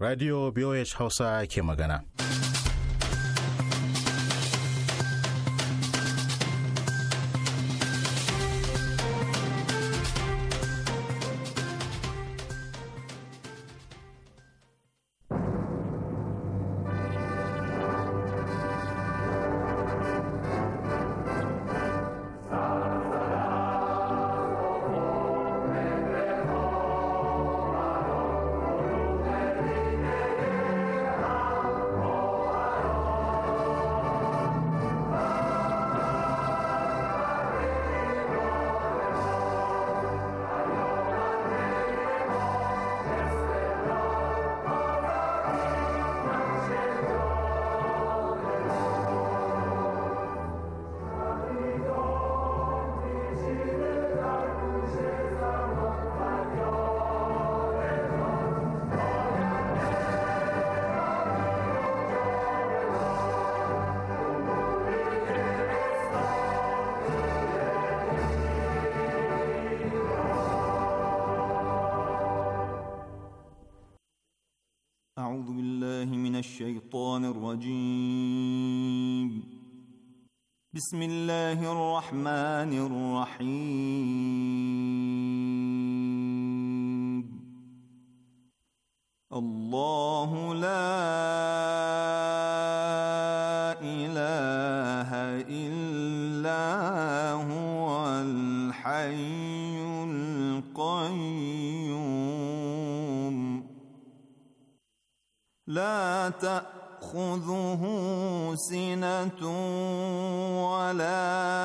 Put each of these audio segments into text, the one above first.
radio voh hausa ke magana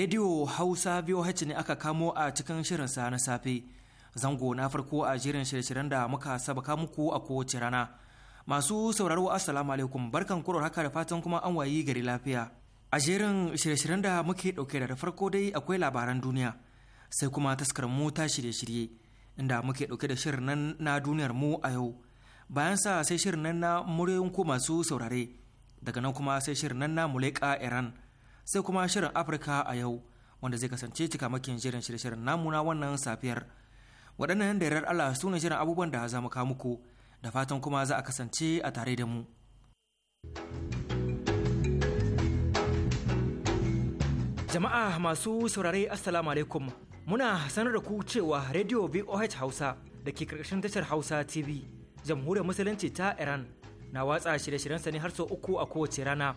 Radio Hausa VOH ne aka kamo a cikin shirin sa na safe. Zango na farko a jirin shirye-shiryen da muka sabaka muku a kowace rana. Masu sauraro Assalamu alaikum barkan kuro haka da fatan kuma an wayi gari lafiya. A jerin shirye-shiryen da muke ɗauke da farko dai akwai labaran duniya sai kuma taskar mu ta shirye-shirye inda muke ɗauke da shirin nan na duniyar mu a yau. Bayan sa sai shirin nan na muryoyin ku masu saurare daga nan kuma sai shirin nan na muleka Iran. sai kuma shirin Afirka a yau wanda zai kasance cikamakin jirin shirye namuna wannan safiyar. Waɗannan da yarar Allah su ne jiran abubuwan da za mu kawo muku da fatan kuma za a kasance a tare da mu. Jama'a masu saurare Assalamu alaikum muna sanar da ku cewa Radio VOH Hausa da ke karkashin tashar Hausa TV jamhuriyar musulunci ta Iran na watsa shirye-shiryensa ne har sau uku a kowace rana.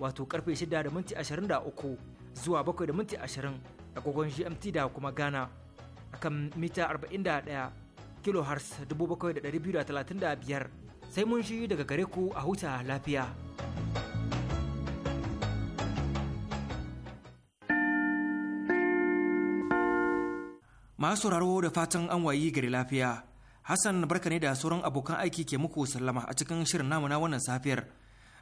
wato karfe 6 da minti 23 zuwa 7 da minti 20 agogon GMT da kuma Ghana akan mita 41 kilohertz 7,235 sai mun shi daga gare ku a huta lafiya. Masu sauraro da fatan an wayi gari lafiya, Hassan barka ne da sauran abokan aiki ke muku sallama a cikin shirin namuna wannan safiyar.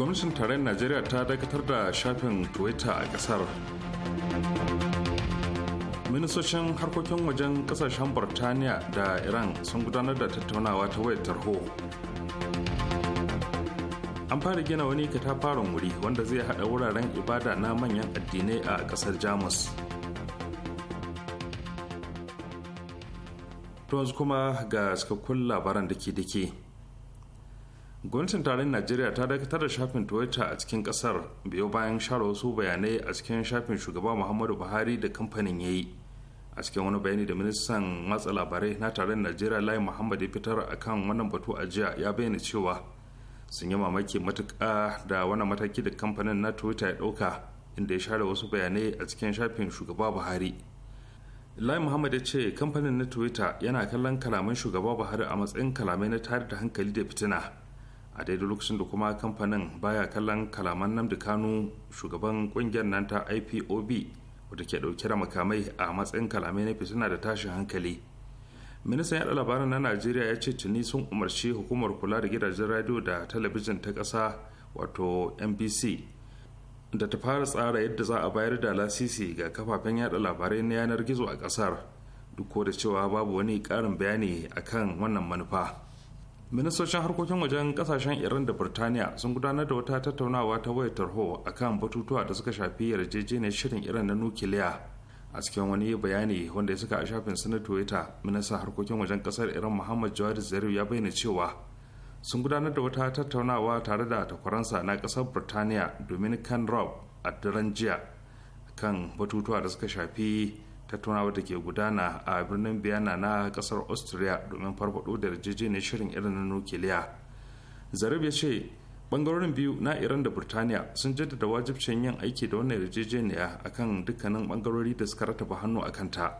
gwamnatin tarayyar najeriya ta dakatar da shafin twitter a kasar ministocin harkokin wajen kasashen burtaniya da iran sun gudanar da tattaunawa ta wayar tarho an fara gina wani katafaren wuri wanda zai hada wuraren ibada na manyan addinai a kasar jamus to kuma ga cikakkun labaran da ke dake gwamnatin taron najeriya ta dakatar da shafin twitter a cikin kasar biyo bayan share wasu bayanai a cikin shafin shugaba muhammadu buhari da kamfanin ya yi a cikin wani bayani da ministan matsa labarai na taron najeriya lai muhammad ya fitar a kan wannan batu a jiya ya bayyana cewa sun yi mamaki matuka da wani mataki da kamfanin na twitter ya ɗauka inda ya share wasu bayanai a cikin shafin shugaba buhari lai muhammad ya ce kamfanin na twitter yana kallon kalaman shugaba buhari a matsayin kalamai na tare da hankali da fitina a daidai lokacin da kuma kamfanin baya kallon kalaman namdi kanu shugaban kungiyar nan ta ipob wadda ke dauke da makamai a matsayin kalamai na fitina da tashin hankali ministan yada labaran na najeriya ya ce tuni sun umarci hukumar kula da gidajen radio da talabijin ta ƙasa wato nbc da ta fara tsara yadda za a bayar da lasisi ga kafafen yada labarai na yanar gizo a ƙasar duk da cewa babu wani ƙarin bayani akan wannan manufa. ministocin harkokin wajen kasashen iran da birtaniya sun gudanar da wata tattaunawa ta wayar tarho kan batutuwa da suka shafi yarjejeniyar shirin iran na nukiliya a cikin wani bayani wanda ya saka a shafin na twitter ministan harkokin wajen kasar iran muhammad jawad zarif ya bayyana cewa sun gudanar da wata tattaunawa tare da takwaransa na kasar birtaniya dominican rob a daren jiya kan batutuwa da suka shafi tattaunawa da ke gudana a birnin biyana na kasar austria domin farfado da yarjejeniyar shirin irin na nukiliya zarif ya ce bangarorin biyu na iran da burtaniya sun jaddada wajibcin yin aiki da wannan yarjejeniya kan dukkanin bangarori da suka rataba hannu a kanta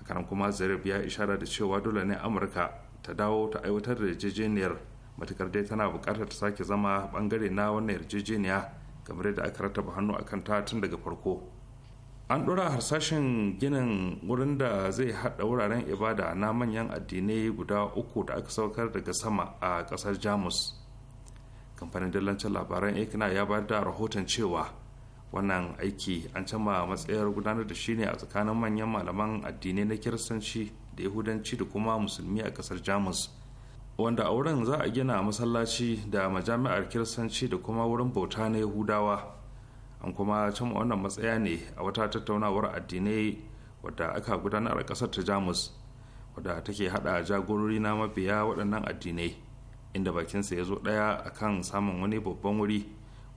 hakanan kuma zarif ya ishara da cewa dole ne amurka ta dawo ta aiwatar da yarjejeniyar matukar dai tana bukatar ta sake zama bangare na wannan yarjejeniya kamar yadda aka rataba hannu a kanta tun daga farko an ɗora harsashen ginin wurin da zai haɗa wuraren ibada na manyan addinai guda uku da aka saukar daga sama a ƙasar jamus kamfanin dillancin labaran ekna ya bayar da rahoton cewa wannan aiki an cama matsayar gudanar da shi ne a tsakanin manyan malaman addinai na kiristanci da yahudanci da kuma musulmi a ƙasar jamus wanda a wurin za a gina masallaci da majami'ar kiristanci da kuma wurin bauta na yahudawa an kuma cin wannan matsaya ne a wata tattaunawar addinai wadda aka gudanar a ƙasar ta jamus wadda take haɗa jagorori na mabiya waɗannan addinai inda bakinsa ya zo ɗaya akan samun wani babban wuri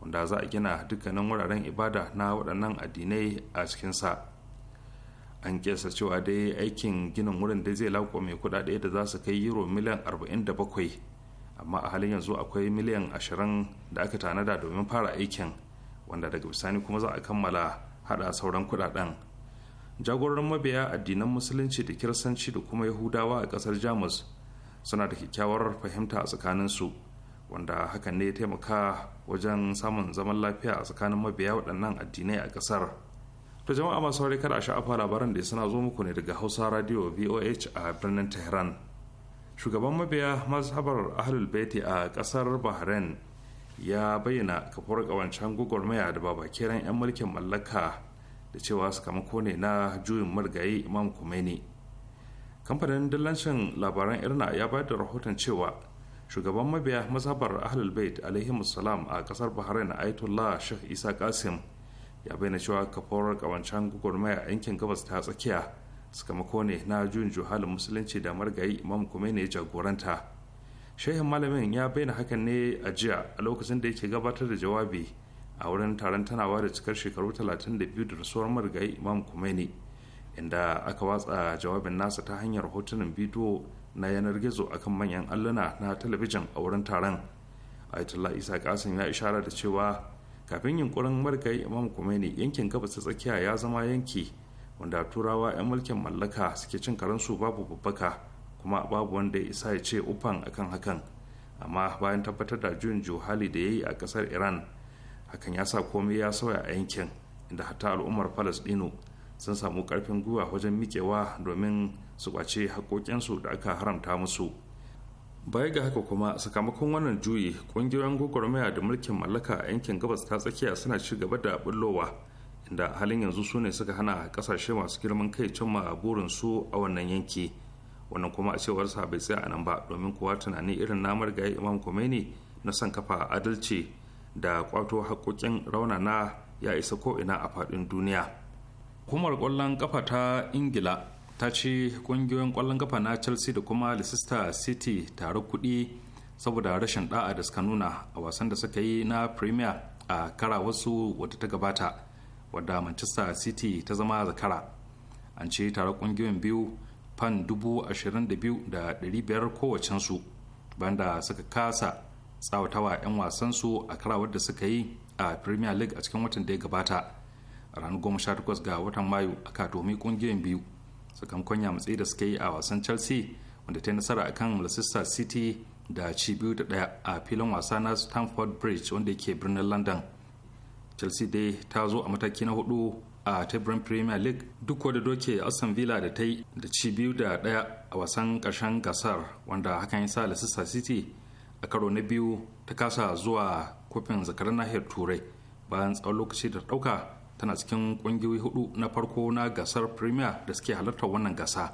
wanda za a gina dukkanin wuraren ibada na waɗannan addinai a cikinsa an kesa cewa dai aikin ginin wurin da zai lako mai kuɗaɗe da za su kai euro miliyan 47 amma a halin yanzu akwai miliyan 20 da aka tanada domin fara aikin wanda daga bisani kuma za a kammala hada sauran kudaden jagororin mabiya addinan musulunci da kirsanci da kuma yahudawa a kasar jamus suna da kyakkyawar fahimta a tsakaninsu wanda hakan ne ya taimaka wajen samun zaman lafiya a tsakanin mabiya waɗannan addinai a ƙasar to jama'a masu saurari kada a sha'afa labaran da suna zo muku ne daga hausa radio voh a birnin tehran shugaban mabiya mazhabar ahlul baiti a ƙasar bahrain ya bayyana kafar kawancen gwagwarmaya da babakiran 'yan mulkin mallaka da cewa sakamako ne na juyin marigayi imam kumeni kamfanin dillancin labaran irna ya bayar da rahoton cewa shugaban mabiya mazhabar ahlul bait alaihi salam a kasar bahrain ayatollah sheikh isa kasim ya bayyana cewa kafar kawancan gwagwarmaya yankin gabas ta tsakiya sakamako ne na juyin juhalin musulunci da margayi imam kumeni ya jagoranta shehin malamin ya bayyana hakan ne a jiya a lokacin da yake gabatar da jawabi a wurin taron tanawa da cikar shekaru 32 da rasuwar marigayi imam kumaini inda aka watsa jawabin nasa ta hanyar hotunan bidiyo na yanar gizo akan manyan alluna na talabijin a wurin taron ayatollah isa kasim ya ishara da cewa kafin yunkurin marigayi imam kumaini yankin gabas ta tsakiya ya zama yanki wanda turawa 'yan mulkin mallaka suke cin karansu babu babbaka kuma babu wanda ya isa ya ce ufan akan hakan amma bayan tabbatar da juyin juhali da ya yi a kasar iran hakan ya sa komai ya sauya a yankin inda hatta al'ummar dino sun samu karfin gwiwa wajen miƙewa domin su kwace haƙoƙinsu da aka haramta musu baya ga haka kuma sakamakon wannan juyi ƙungiyoyin gwagwarmaya da mulkin mallaka a yankin gabas ta tsakiya suna ci gaba da bullowa inda halin yanzu su ne suka hana ƙasashe masu girman kai cimma burinsu a wannan yanki. wannan kuma a cewar sa bai tsaya a nan ba domin kuwa tunani irin namar gaye imam Khomeini na san kafa adalci da kwato haƙoƙin raunana ya isa ko ina a faɗin duniya hukumar ƙwallon kafa ta ingila ta ce ƙungiyoyin ƙwallon kafa na chelsea da kuma leicester city tare kuɗi saboda rashin ɗa'a da suka nuna a wasan da suka yi na premier a kara wasu wadda ta gabata wadda manchester city ta zama zakara an ce tare ƙungiyoyin biyu fan 22,500 kowacensu banda suka kasa tsawatawa 'yan wasansu a karawar da suka yi a premier league a cikin watan da ya gabata a ranar 18 ga watan mayu aka katomi kungiyoyin biyu sakamakon matsayi da suka yi a wasan chelsea wanda ta yi nasara a kan leicester city da ci biyu da daya a filin wasa na stamford bridge wanda ke birnin london chelsea dai ta zo a mataki na hudu a teburin premier league duk wadda doke aston villa da ta yi da ci biyu da daya a wasan karshen gasar wanda hakan ya sa leicester city a karo na biyu ta kasa zuwa kofin zakarar nahiyar turai bayan tsawon lokaci da dauka tana cikin ƙungiyoyi hudu na farko na gasar premier da suke halartar wannan gasa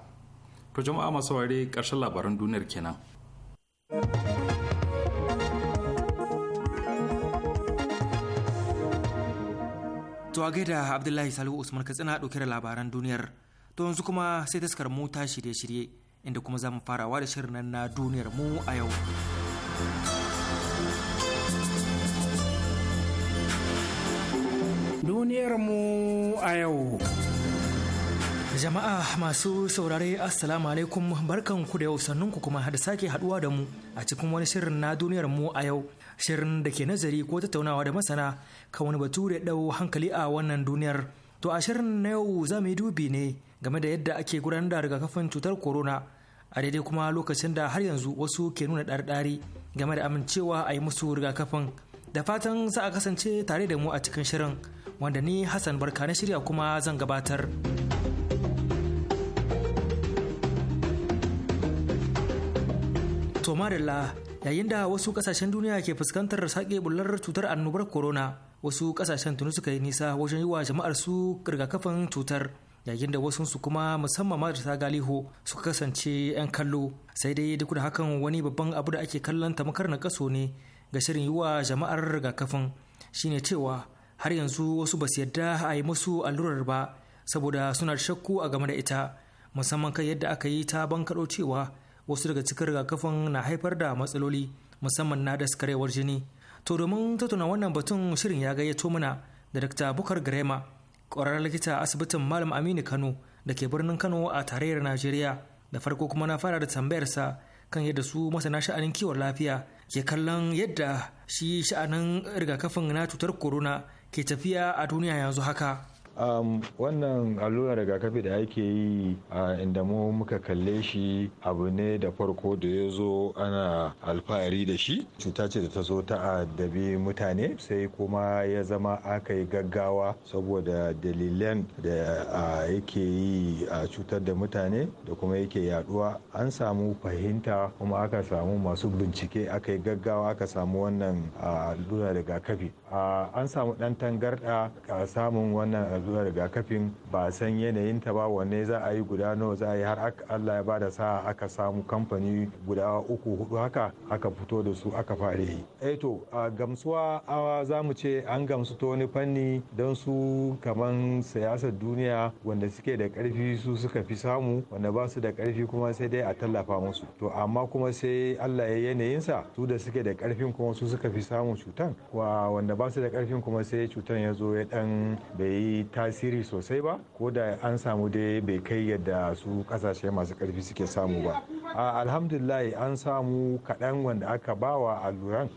to jama'a masu ware ƙarshen labaran duniyar kenan. To a gaida Abdullahi Salihu Usman Katsina ɗauke da labaran duniyar. To yanzu kuma sai taskar mu ta shirye-shirye inda kuma za mu farawa da shirin nan na duniyar mu a yau. Duniyar mu a yau. Jama'a masu saurare Assalamu alaikum barkan ku da yau sannun kuma da sake haduwa da mu a cikin wani shirin na duniyar mu a yau. shirin da ke nazari ko tattaunawa da masana kan wani batu da ɗau hankali a wannan duniyar. To a shirin na yau za mu yi dubi ne game da yadda ake gudanar da rigakafin cutar corona a daidai kuma lokacin da har yanzu wasu ke nuna ɗarɗari game da amincewa a yi musu rigakafin. Da fatan za a kasance tare da mu a cikin shirin wanda ni Hassan Barka na shirya kuma zan gabatar. To madalla yayin da wasu kasashen duniya ke fuskantar sake bullar cutar annobar corona wasu kasashen tunu suka yi nisa wajen yi wa jama'ar su rigakafin cutar yayin da wasu su kuma musamman marasa galiho suka kasance 'yan kallo sai dai duk da hakan wani babban abu da ake kallon tamakar na kaso ne ga shirin yi wa jama'ar rigakafin shine cewa har yanzu wasu ba su yarda a yi musu allurar ba saboda suna shakku a game da ita musamman kan yadda aka yi ta bankaɗo cewa wasu daga cikin rigakafin na haifar da matsaloli musamman na daskarewar jini to domin tattauna wannan batun shirin ya gayyato mana da dr bukar grema ƙwararren likita asibitin malam aminu kano da ke birnin kano a tarayyar najeriya da farko kuma na fara da tambayarsa kan yadda su masana sha'anin kiwon lafiya ke kallon yadda shi sha'anin rigakafin na cutar corona ke tafiya a duniya yanzu haka wannan allurar rigakafi da ake yi a inda mu muka kalle shi abu ne da farko da ya zo ana alfahari da shi cuta ce da ta zo ta addabi mutane sai kuma ya zama aka yi gaggawa saboda dalilan da yake yi a cutar da mutane da kuma yake yaduwa an samu fahimta kuma aka samu masu bincike aka yi gaggawa aka samu wannan allurar rigakafi an samu ɗan tangarɗa a samun wannan allura rigakafin ba a san yanayin ta ba wanne za a yi guda nawa za a yi har Allah ya bada sa aka samu kamfani guda uku hudu haka aka fito da su aka fara yi. Eh to a gamsuwa awa za mu ce an gamsu ta wani fanni don su kaman siyasar duniya wanda suke da karfi su suka fi samu wanda ba su da karfi kuma sai dai a tallafa musu. To amma kuma sai Allah ya yanayinsa su da suke da ƙarfin kuma su suka fi samu cutan wa wanda ba su da karfin kuma sai cutar ya zo ya dan bai yi tasiri sosai ba ko da an samu dai bai kai yadda su kasashe masu karfi suke samu ba a alhamdulillah an samu kaɗan wanda aka bawa alluran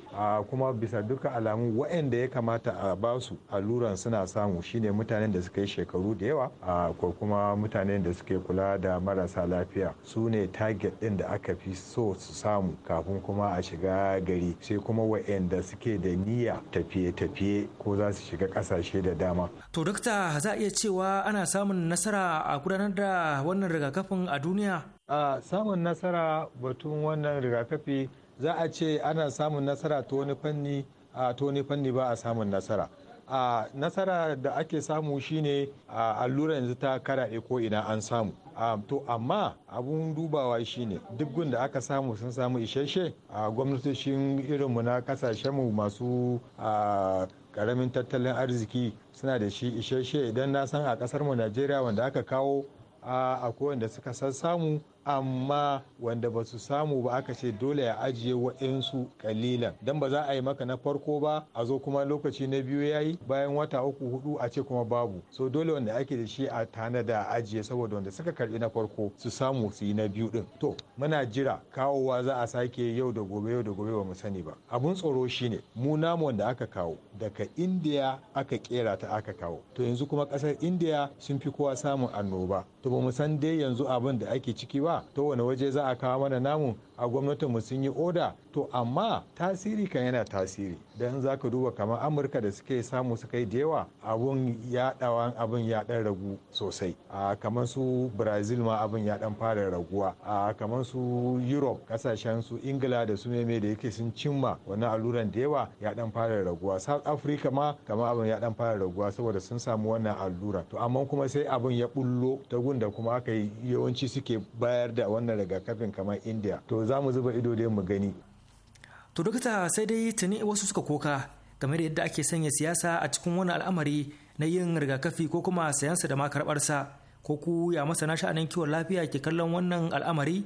kuma bisa duka alamu waɗanda ya kamata a ba basu alluran suna samu shine mutanen da suka yi shekaru da yawa ko kuma mutanen da suke kula da marasa lafiya su ne target ɗin da aka fi so su samu kafin kuma a shiga gari sai kuma wa'anda suke da niyya tafiye tafiye ko za su shiga kasashe da dama. To dokta za a iya cewa ana samun nasara a gudanar da wannan rigakafin a duniya? A samun nasara batun wannan rigakafi za a ce ana samun nasara ta wani fanni a ta wani fanni ba a samun nasara. a nasara da ake samu shine a allura yanzu ta karaɗe ko ina an samu to amma abun dubawa shine duk gun da aka samu sun samu isasshe a gwamnatocin irinmu na kasashenmu masu karamin tattalin arziki suna da shi isasshe idan na san a kasar mu najeriya wanda aka kawo a wanda suka san samu. amma wanda ba su samu ba aka ce dole ya ajiye wa'insu kalilan don ba za a yi maka na farko ba a zo kuma lokaci na biyu ya yi bayan wata uku hudu a ce kuma babu so dole wanda ake da shi a tana da ajiye saboda wanda suka karbi na farko su samu su yi na biyu din to muna jira kawowa za a sake yau da gobe yau da gobe ba mu sani ba abun tsoro shine mu namu wanda aka kawo daga indiya aka kera ta aka kawo to yanzu kuma kasar indiya sun fi kowa samun annoba to ba mu san dai yanzu abin da ake ciki ba to wani waje za a kawo mana namu a gwamnatin mu sun yi oda to amma tasiri kan yana tasiri don za ka duba kamar amurka da suke samu suka yi da yawa abun ya dawan abun ya ragu sosai a kamar su brazil ma abun ya fara raguwa a kamar su europe kasashen su ingila da su meme da yake sun cimma wani alluran da yawa ya dan fara raguwa south africa ma kamar abun ya fara raguwa saboda sun samu wannan allura to amma kuma sai abun ya bullo ta gunda kuma aka yi yawanci suke bayar da wannan rigakafin kamar india to za mu zuba ido dai mu gani to dokta sai dai tuni wasu suka koka game da yadda ake sanya siyasa a cikin wani al'amari na yin rigakafi ko kuma sayansa da ma karɓarsa ko ku ya masana sha'anin kiwon lafiya ke kallon wannan al'amari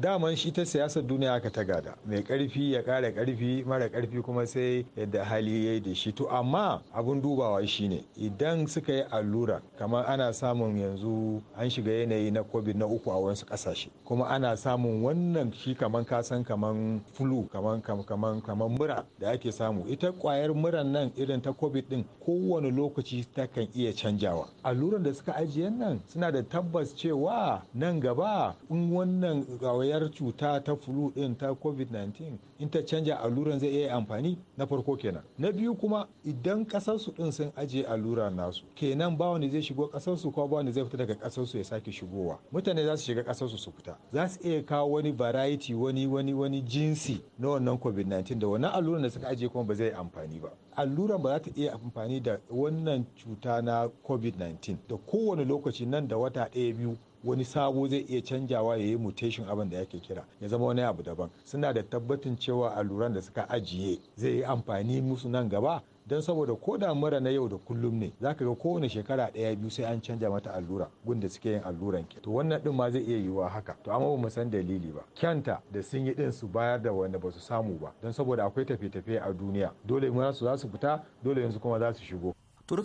daman shi ta siyasar duniya aka ta gada mai karfi ya kara karfi mara karfi kuma sai yadda hali ya yi da shi to amma abun dubawa shine idan suka yi allura kamar ana samun yanzu an shiga yanayi na covid na uku a wasu kasashe kuma ana samun wannan shi kamar kasan kaman flu kamar mura da ake samu ita kwayar muran nan irin ta covid din kowane lokaci ta kan iya canjawa alluran da suka ajiye nan suna da tabbas cewa nan gaba in wannan kwayar cuta ta flu din ta covid-19 in ta canja alluran zai iya amfani na farko kenan na biyu kuma idan kasarsu din sun ajiye allura nasu kenan ba wani zai shigo kasarsu ko ba wani zai fita daga kasarsu ya sake shigowa mutane za su shiga kasarsu su fita za su iya kawo wani variety wani wani wani jinsi na wannan covid-19 da wannan alluran da suka ajiye kuma ba zai amfani ba alluran ba za ta iya amfani da wannan cuta na covid-19 da kowane lokaci nan da wata ɗaya biyu wani sabo zai iya canjawa ya yi mutation abin da yake kira ya zama wani abu daban suna da tabbatin cewa alluran da suka ajiye zai yi amfani musu nan gaba don saboda ko da mura na yau da kullum ne za ka ga kowane shekara ɗaya biyu sai an canja mata allura gunda suke yin alluran ke to wannan din ma zai iya yiwuwa haka to amma bamu san dalili ba kyanta da sun yi din su bayar da wanda ba su samu ba don saboda akwai tafiye-tafiye a duniya dole su za su fita dole yanzu kuma za su shigo to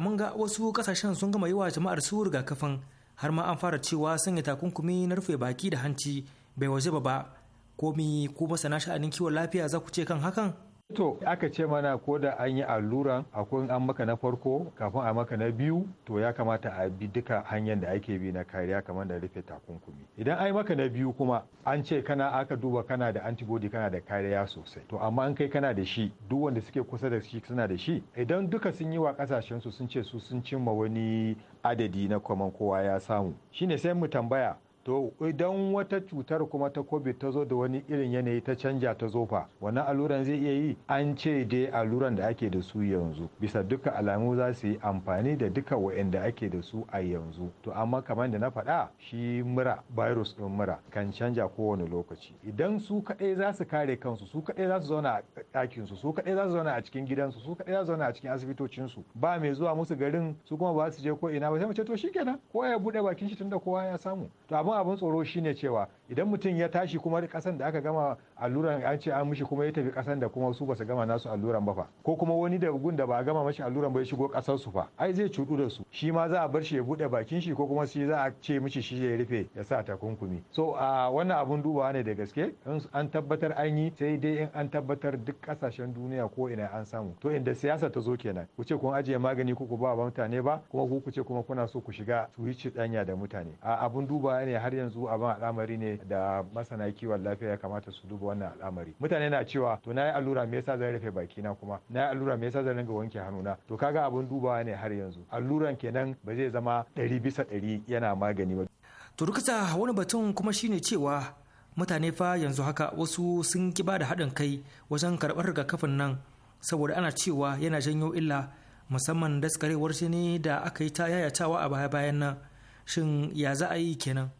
mun ga wasu kasashen sun gama yi wa jama'ar su rigakafin har ma an fara cewa sanya takunkumi na rufe baki da hanci bai waje ba komi ko masana sha'anin kiwon lafiya za ku ce kan hakan To aka ce mana ko da an yi allura akwai an maka na farko kafin a maka na biyu to ya kamata a bi duka hanyar da ake bi na kariya kamar da rufe takunkumi. Idan an yi maka na biyu kuma an ce kana aka duba kana da antibody kana da kariya sosai. To amma an kai kana da shi duk wanda suke kusa da shi suna da shi. Idan duka sun yi wa kasashen su sun ce su sun cimma wani adadi na kwaman kowa ya samu. Shine sai mu tambaya to idan wata cutar kuma ta covid ta zo da wani irin yanayi ta canja ta zofa wannan alluran zai iya yi an ce dai alluran da ake da su yanzu bisa duka alamu za su yi amfani da duka wa'anda ake da su a yanzu to amma kamar da na faɗa shi mura virus ɗin mura kan canja kowane lokaci idan su kaɗai za su kare kansu su kaɗai za su zauna a ɗakin su su kaɗai za su zauna a cikin gidansu su kaɗai za su zauna a cikin asibitocin su ba mai zuwa musu garin su kuma ba su je ko ina ba sai mu ce to shikenan ko ya buɗe bakin shi tunda kowa ya samu to amma abin tsoro shine cewa idan mutum ya tashi kuma kasan da aka gama alluran an ce an mishi kuma ya tafi kasan da kuma su basu gama nasu alluran ba fa ko kuma wani da gun da ba a gama mashi alluran ba ya shigo kasar su fa ai zai cudu da su shi ma za a bar shi ya bude bakin shi ko kuma shi za a ce mishi shi ya rufe ya sa takunkumi so a wannan abun dubawa ne da gaske in an tabbatar an yi sai dai in an tabbatar duk kasashen duniya ko ina an samu to inda siyasa ta zo kenan ku ce kun ajiye magani ku ba mutane ba kuma ku ku ce kuma kuna so ku shiga su yi danya da mutane a abun dubawa ne har yanzu abin al'amari ne da masana kiwon lafiya ya kamata su duba wannan al'amari mutane na cewa to na yi allura me yasa zan rufe na kuma na yi allura me yasa zan ringa wanke hannuna to kaga abun dubawa ne har yanzu alluran kenan ba zai zama ɗari bisa ɗari yana magani ba. to rukuta wani batun kuma shine cewa mutane fa yanzu haka wasu sun ki ba da haɗin kai wajen karɓar rigakafin nan saboda ana cewa yana janyo illa musamman daskarewar jini da aka yi ta yayatawa a baya-bayan nan shin ya za a yi kenan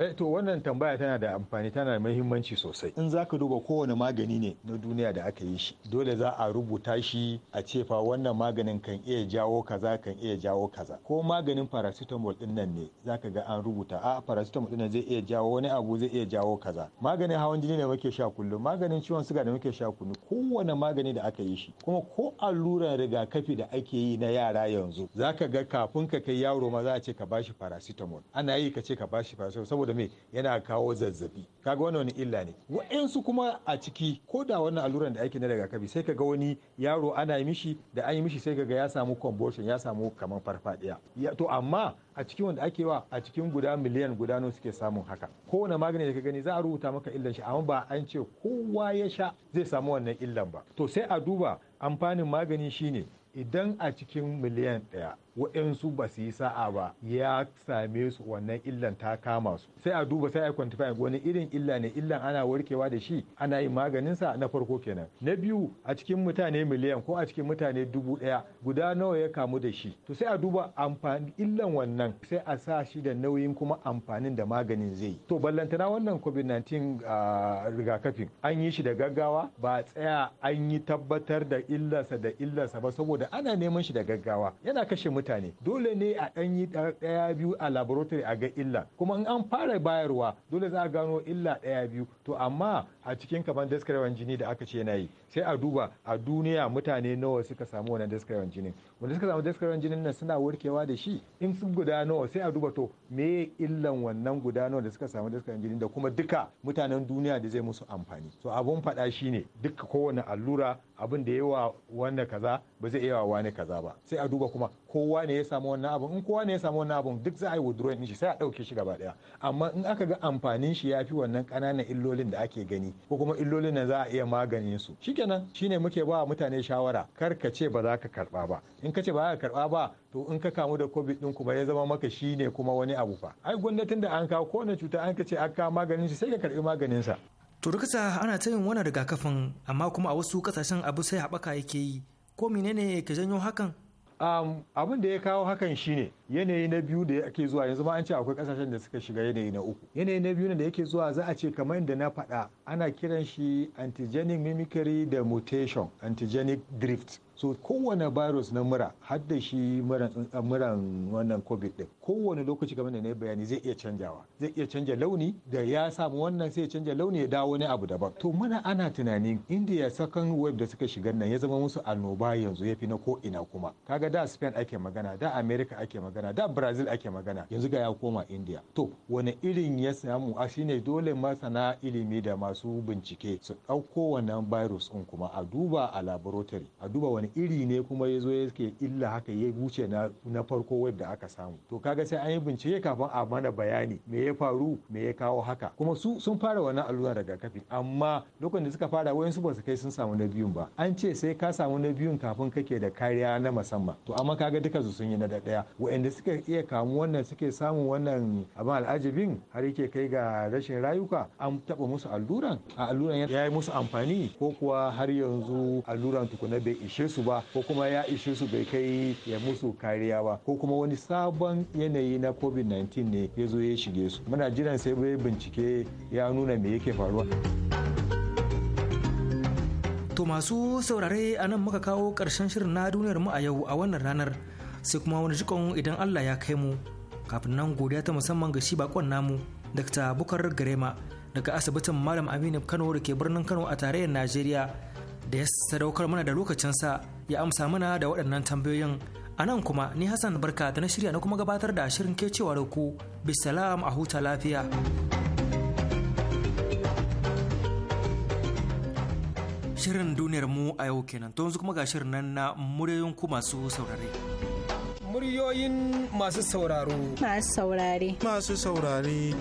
Eh to wannan tambaya tana da amfani tana da muhimmanci sosai. In za ka duba kowane magani ne na duniya da aka yi shi dole za a rubuta shi a ce fa wannan maganin kan iya jawo kaza kan iya jawo kaza. Ko maganin paracetamol din nan ne za ka ga an rubuta a paracetamol din nan zai iya jawo wani abu zai iya jawo kaza. Maganin hawan jini ne muke sha kullum maganin ciwon suga da muke sha kullum kowane magani da aka yi shi kuma ko alluran rigakafi da ake yi na yara yanzu za ka ga kafin ka kai yaro ma za a ce ka bashi paracetamol ana yi ka ce ka bashi paracetamol saboda me yana kawo zazzabi kaga wannan wani illa ne wa'ansu kuma a ciki ko da wannan alluran da ake na daga kabi sai kaga wani yaro ana yi mishi da an yi mishi sai kaga ya samu convulsion ya samu kamar farfadiya to amma a cikin wanda ake wa a cikin guda miliyan guda nawa suke samun haka kowane magani da ka gani za a rubuta maka illan shi amma ba an ce kowa ya sha zai samu wannan illan ba to sai a duba amfanin magani shine idan a cikin miliyan ɗaya waɗansu ba su yi sa'a ba ya same su wannan illan ta kama su sai a duba sai a kwantifa wani irin illa ne illan ana warkewa da shi ana yin sa na farko kenan na biyu a cikin mutane miliyan ko a cikin mutane dubu ɗaya guda nawa ya kamu da shi to sai a duba amfani illan wannan sai a sa shi da nauyin kuma amfanin da maganin zai yi to ballantana wannan covid-19 ah, rigakafin an yi shi da gaggawa ba tsaya an yi tabbatar da illarsa da illarsa ba saboda ana neman shi da gaggawa yana kashe mutane mutane dole ne a ɗan yi ɗaya biyu a laboratory a ga illa kuma in an fara bayarwa dole za a gano illa ɗaya biyu to amma a cikin kaman daskarewan jini da aka ce yi sai a duba a duniya mutane nawa suka samu wannan daskarewan jini wanda suka samu daskarewan jini nan suna warkewa da shi in sun guda nawa sai a duba to me illan wannan guda nawa da suka samu daskarewan jini da kuma duka mutanen duniya da zai musu amfani so abun faɗa shine duka kowane allura abin da yawa wanda kaza ba zai yawa wani kaza ba sai a duba kuma kowa ne ya samu wannan abun in kowa ne ya samu wannan abun duk za a yi withdrawing shi sai a ɗauke shi gaba ɗaya amma in aka ga amfanin shi ya fi wannan ƙananan illolin da ake gani ko kuma illolin nan za a iya maganin su shikenan shine muke ba mutane shawara kar ka ce ba za ka karba ba in ka ce ba za ka karba ba to in ka kamu da covid din kuma ya zama maka shine kuma wani abu fa ai gwamnatin da an kawo kowane cuta an ka ce an kawo maganin shi sai ka karbi maganin sa to rukusa ana ta yin wannan rigakafin amma kuma a wasu kasashen abu sai haɓaka yake yi ko menene ke janyo hakan Um, abin da ya kawo hakan shine yanayi na biyu da ake zuwa yanzu ma an ce akwai kasashen da suka shiga yanayi na uku yanayi na biyu da yake zuwa za a ce kamar yadda na faɗa ana kiran shi antigenic mimicry da mutation antigenic drift so kowane virus na mura har da shi muran uh, wannan covid din kowane lokaci game da na bayani zai iya canjawa zai iya canja launi da ya samu wannan sai ya canja launi ya dawo wani abu daban to muna ana tunanin india sakan web da suka shiga nan ya zama musu annoba yanzu ya fi na ko ina kuma kaga da spain ake magana da america ake magana da brazil ake magana yanzu ga ya koma india to wani irin ya samu a shine dole masana ilimi da masu bincike su ɗauko wannan virus din kuma a duba a laboratory a duba wani wani iri ne kuma ya zo yake illa haka ya wuce na farko wadda aka samu to kaga sai an yi bincike kafin a mana bayani me ya faru me ya kawo haka kuma su sun fara wannan allura daga kafi amma lokacin da suka fara su ba su kai sun samu na biyun ba an ce sai ka samu na biyun kafin kake da kariya na musamman to amma kaga duka su sun yi na daya waɗanda suka iya kamu wannan suke samun wannan abin al'ajibin har yake kai ga rashin rayuka an taba musu alluran a alluran ya yi musu amfani ko kuwa har yanzu alluran tukuna bai ishe su su ba ko kuma ya ishe su bai kai ya musu kariya ba ko kuma wani sabon yanayi na covid-19 ne ya zo ya shige su muna jiran sai bai bincike ya nuna me yake faruwa to masu saurare a nan muka kawo ƙarshen shirin na duniyar mu a yau a wannan ranar sai kuma wani jikon idan allah ya kai mu kafin nan godiya ta musamman ga shi bakon namu dr bukar garema daga asibitin malam aminu kano da ke birnin kano a tarayyar najeriya da ya sadaukar mana da lokacinsa ya amsa mana da waɗannan tambayoyin a nan kuma ni hassan barka da na shirya na kuma gabatar da shirin ke cewa da ku bisalam a huta lafiya shirin duniyar mu a yau kenan to yanzu kuma ga shirin nan na muryoyin ku masu saurare muryoyin masu sauraro masu saurare masu saurare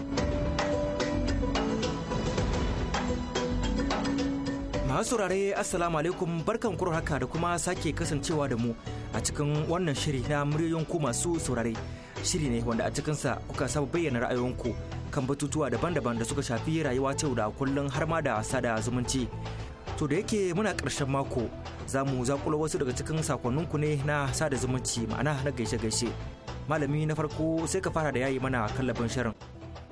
Masu saurare Assalamu alaikum barkan kur haka da kuma sake kasancewa da mu a cikin wannan shiri na muryoyin ku masu saurare. Shiri ne wanda a cikinsa kuka saba bayyana ra'ayoyinku kan batutuwa daban-daban da suka shafi rayuwa ta da kullum har ma da sada zumunci. To da yake muna karshen mako za mu zakulo wasu daga cikin sakonninku ne na sada zumunci ma'ana na gaishe-gaishe. Malami na farko sai ka fara da yayi mana kallabin shirin.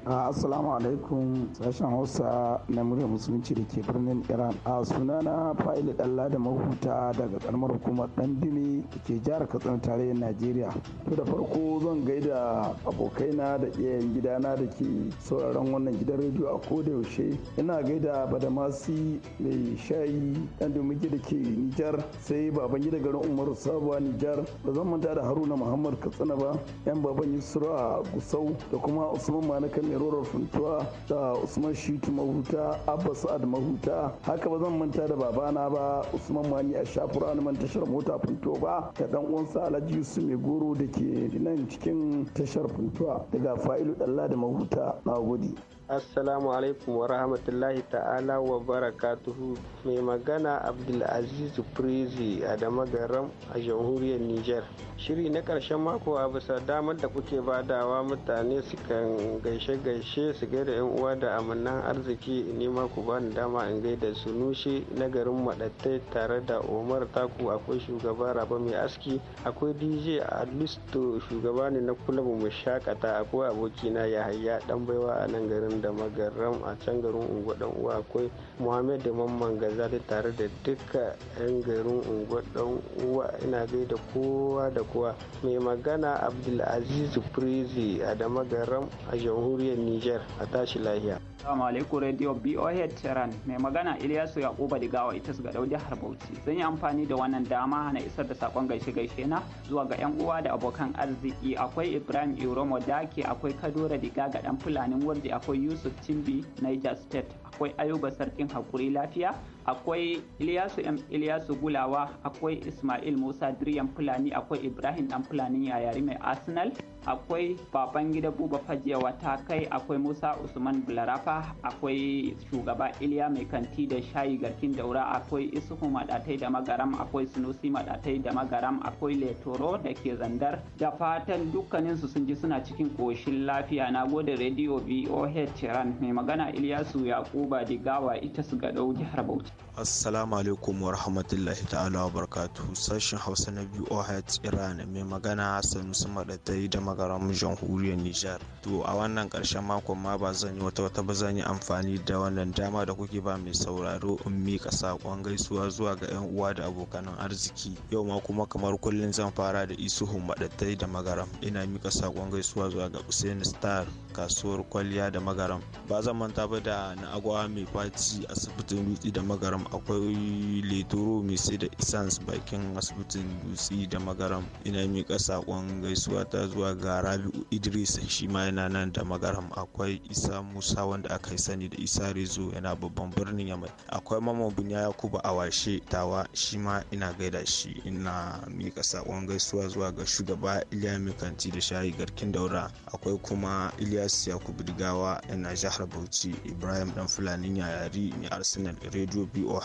assalamu alaikum sashen hausa na murya musulunci da ke birnin iran a sunana fa'ili dalla da mahuta daga karamar hukumar dan dini ke jihar katsina tarayyar najeriya to da farko zan gaida abokaina da iyayen gidana da ke sauraron wannan gidan rediyo a koda yaushe ina gaida badamasi mai shayi dan domin da ke nijar sai baban gida garin umaru sabuwa nijar ba zan manta da haruna muhammad katsina ba yan baban yusra gusau da kuma usman ma na kan Erorar Funtuwa da Usman Shitu Mahuta Abba Sa'ad Mahuta haka ba zan manta da babana ba Usman Mani a shafura man tashar mota Funtuwa ba da dan uwansa Alhaji Yusuf Mai Goro da ke nan cikin tashar Funtuwa daga Fa'ilu Dalla da Mahuta na gode. Assalamu alaikum wa rahmatullahi ta'ala wa barakatuhu mai magana Abdulaziz Prezi adama garam a jamhuriyar Nijar. Shiri na ƙarshen mako a bisa damar da kuke badawa mutane su kan gaishe-gaishe su gaida 'yan uwa da amannan arziki ne mako ba ni dama in gaida su nushe na garin maɗattai tare da umar Taku akwai shugaba Rabo mai aski akwai DJ Alisto shugaba ne na kulabu mu shakata akwai abokina Yahaya dan baiwa a nan garin da magaram a can garin unguwa dan uwa akwai muhammed da mamman gazali tare da duka yan garin unguwa dan uwa ina gaida kowa da kowa mai magana abdulaziz prezi a da magaram a jamhuriyar niger a tashi lahiya Assalamu alaikum Radio BOH Tehran mai magana Ilyasu Yakuba Digawa ita ga daudi jihar Bauchi. Zan yi amfani da wannan dama na isar da sakon gaishe gaishe na zuwa ga yan uwa da abokan arziki akwai Ibrahim Iromo Dake akwai Kadura Diga ga dan Fulanin Wardi akwai Yusuf Timbi Niger State akwai Ayuba Sarkin Hakuri Lafiya akwai Ilyasu M Ilyasu Gulawa akwai Ismail Musa Driyan Fulani akwai Ibrahim dan Fulani Yayari mai Arsenal akwai baban gida buba fajiya ta kai akwai musa usman bularafa akwai shugaba iliya mai kanti da shayi garkin daura akwai isuhu madatai da magaram akwai sunusi madatai da magaram akwai letoro da ke zandar da fatan dukkanin su sun ji suna cikin koshin lafiya na gode rediyo voh tehran mai magana iliyasu yakuba digawa ita su ga jihar bauchi assalamu alaikum wa rahmatullahi ta'ala wa barakatuhu sashen hausa na voh iran mai magana sanusi madatai da magaram jamhuriyar Nijar. To a wannan karshen makon ma ba zan yi wata wata ba zan yi amfani da wannan dama da kuke ba mai sauraro in mika saƙon gaisuwa zuwa ga 'yan uwa da abokan arziki. Yau ma kuma kamar kullum zan fara da isuhun madattai da magaram. Ina mika saƙon gaisuwa zuwa ga Usain Star kasuwar kwalliya da magaram. Ba zan manta ba da na agwa mai faci asibitin dutse da magaram akwai leturo mai sai da isans bakin asibitin dutse da magaram. Ina mika saƙon gaisuwa ta zuwa ga ga rabi'u idris shi ma yana nan da magaram akwai isa musa wanda aka yi sani da isa rezo yana babban birnin yamai akwai mamman bunya yakubu awashe tawa shi ma ina gaida shi ina miƙa saƙon gaisuwa zuwa ga shugaba iliya mikanti da shayi garkin daura akwai kuma ilyas yakubu digawa yana jihar bauchi ibrahim dan fulani yayari mai arsenal radio boh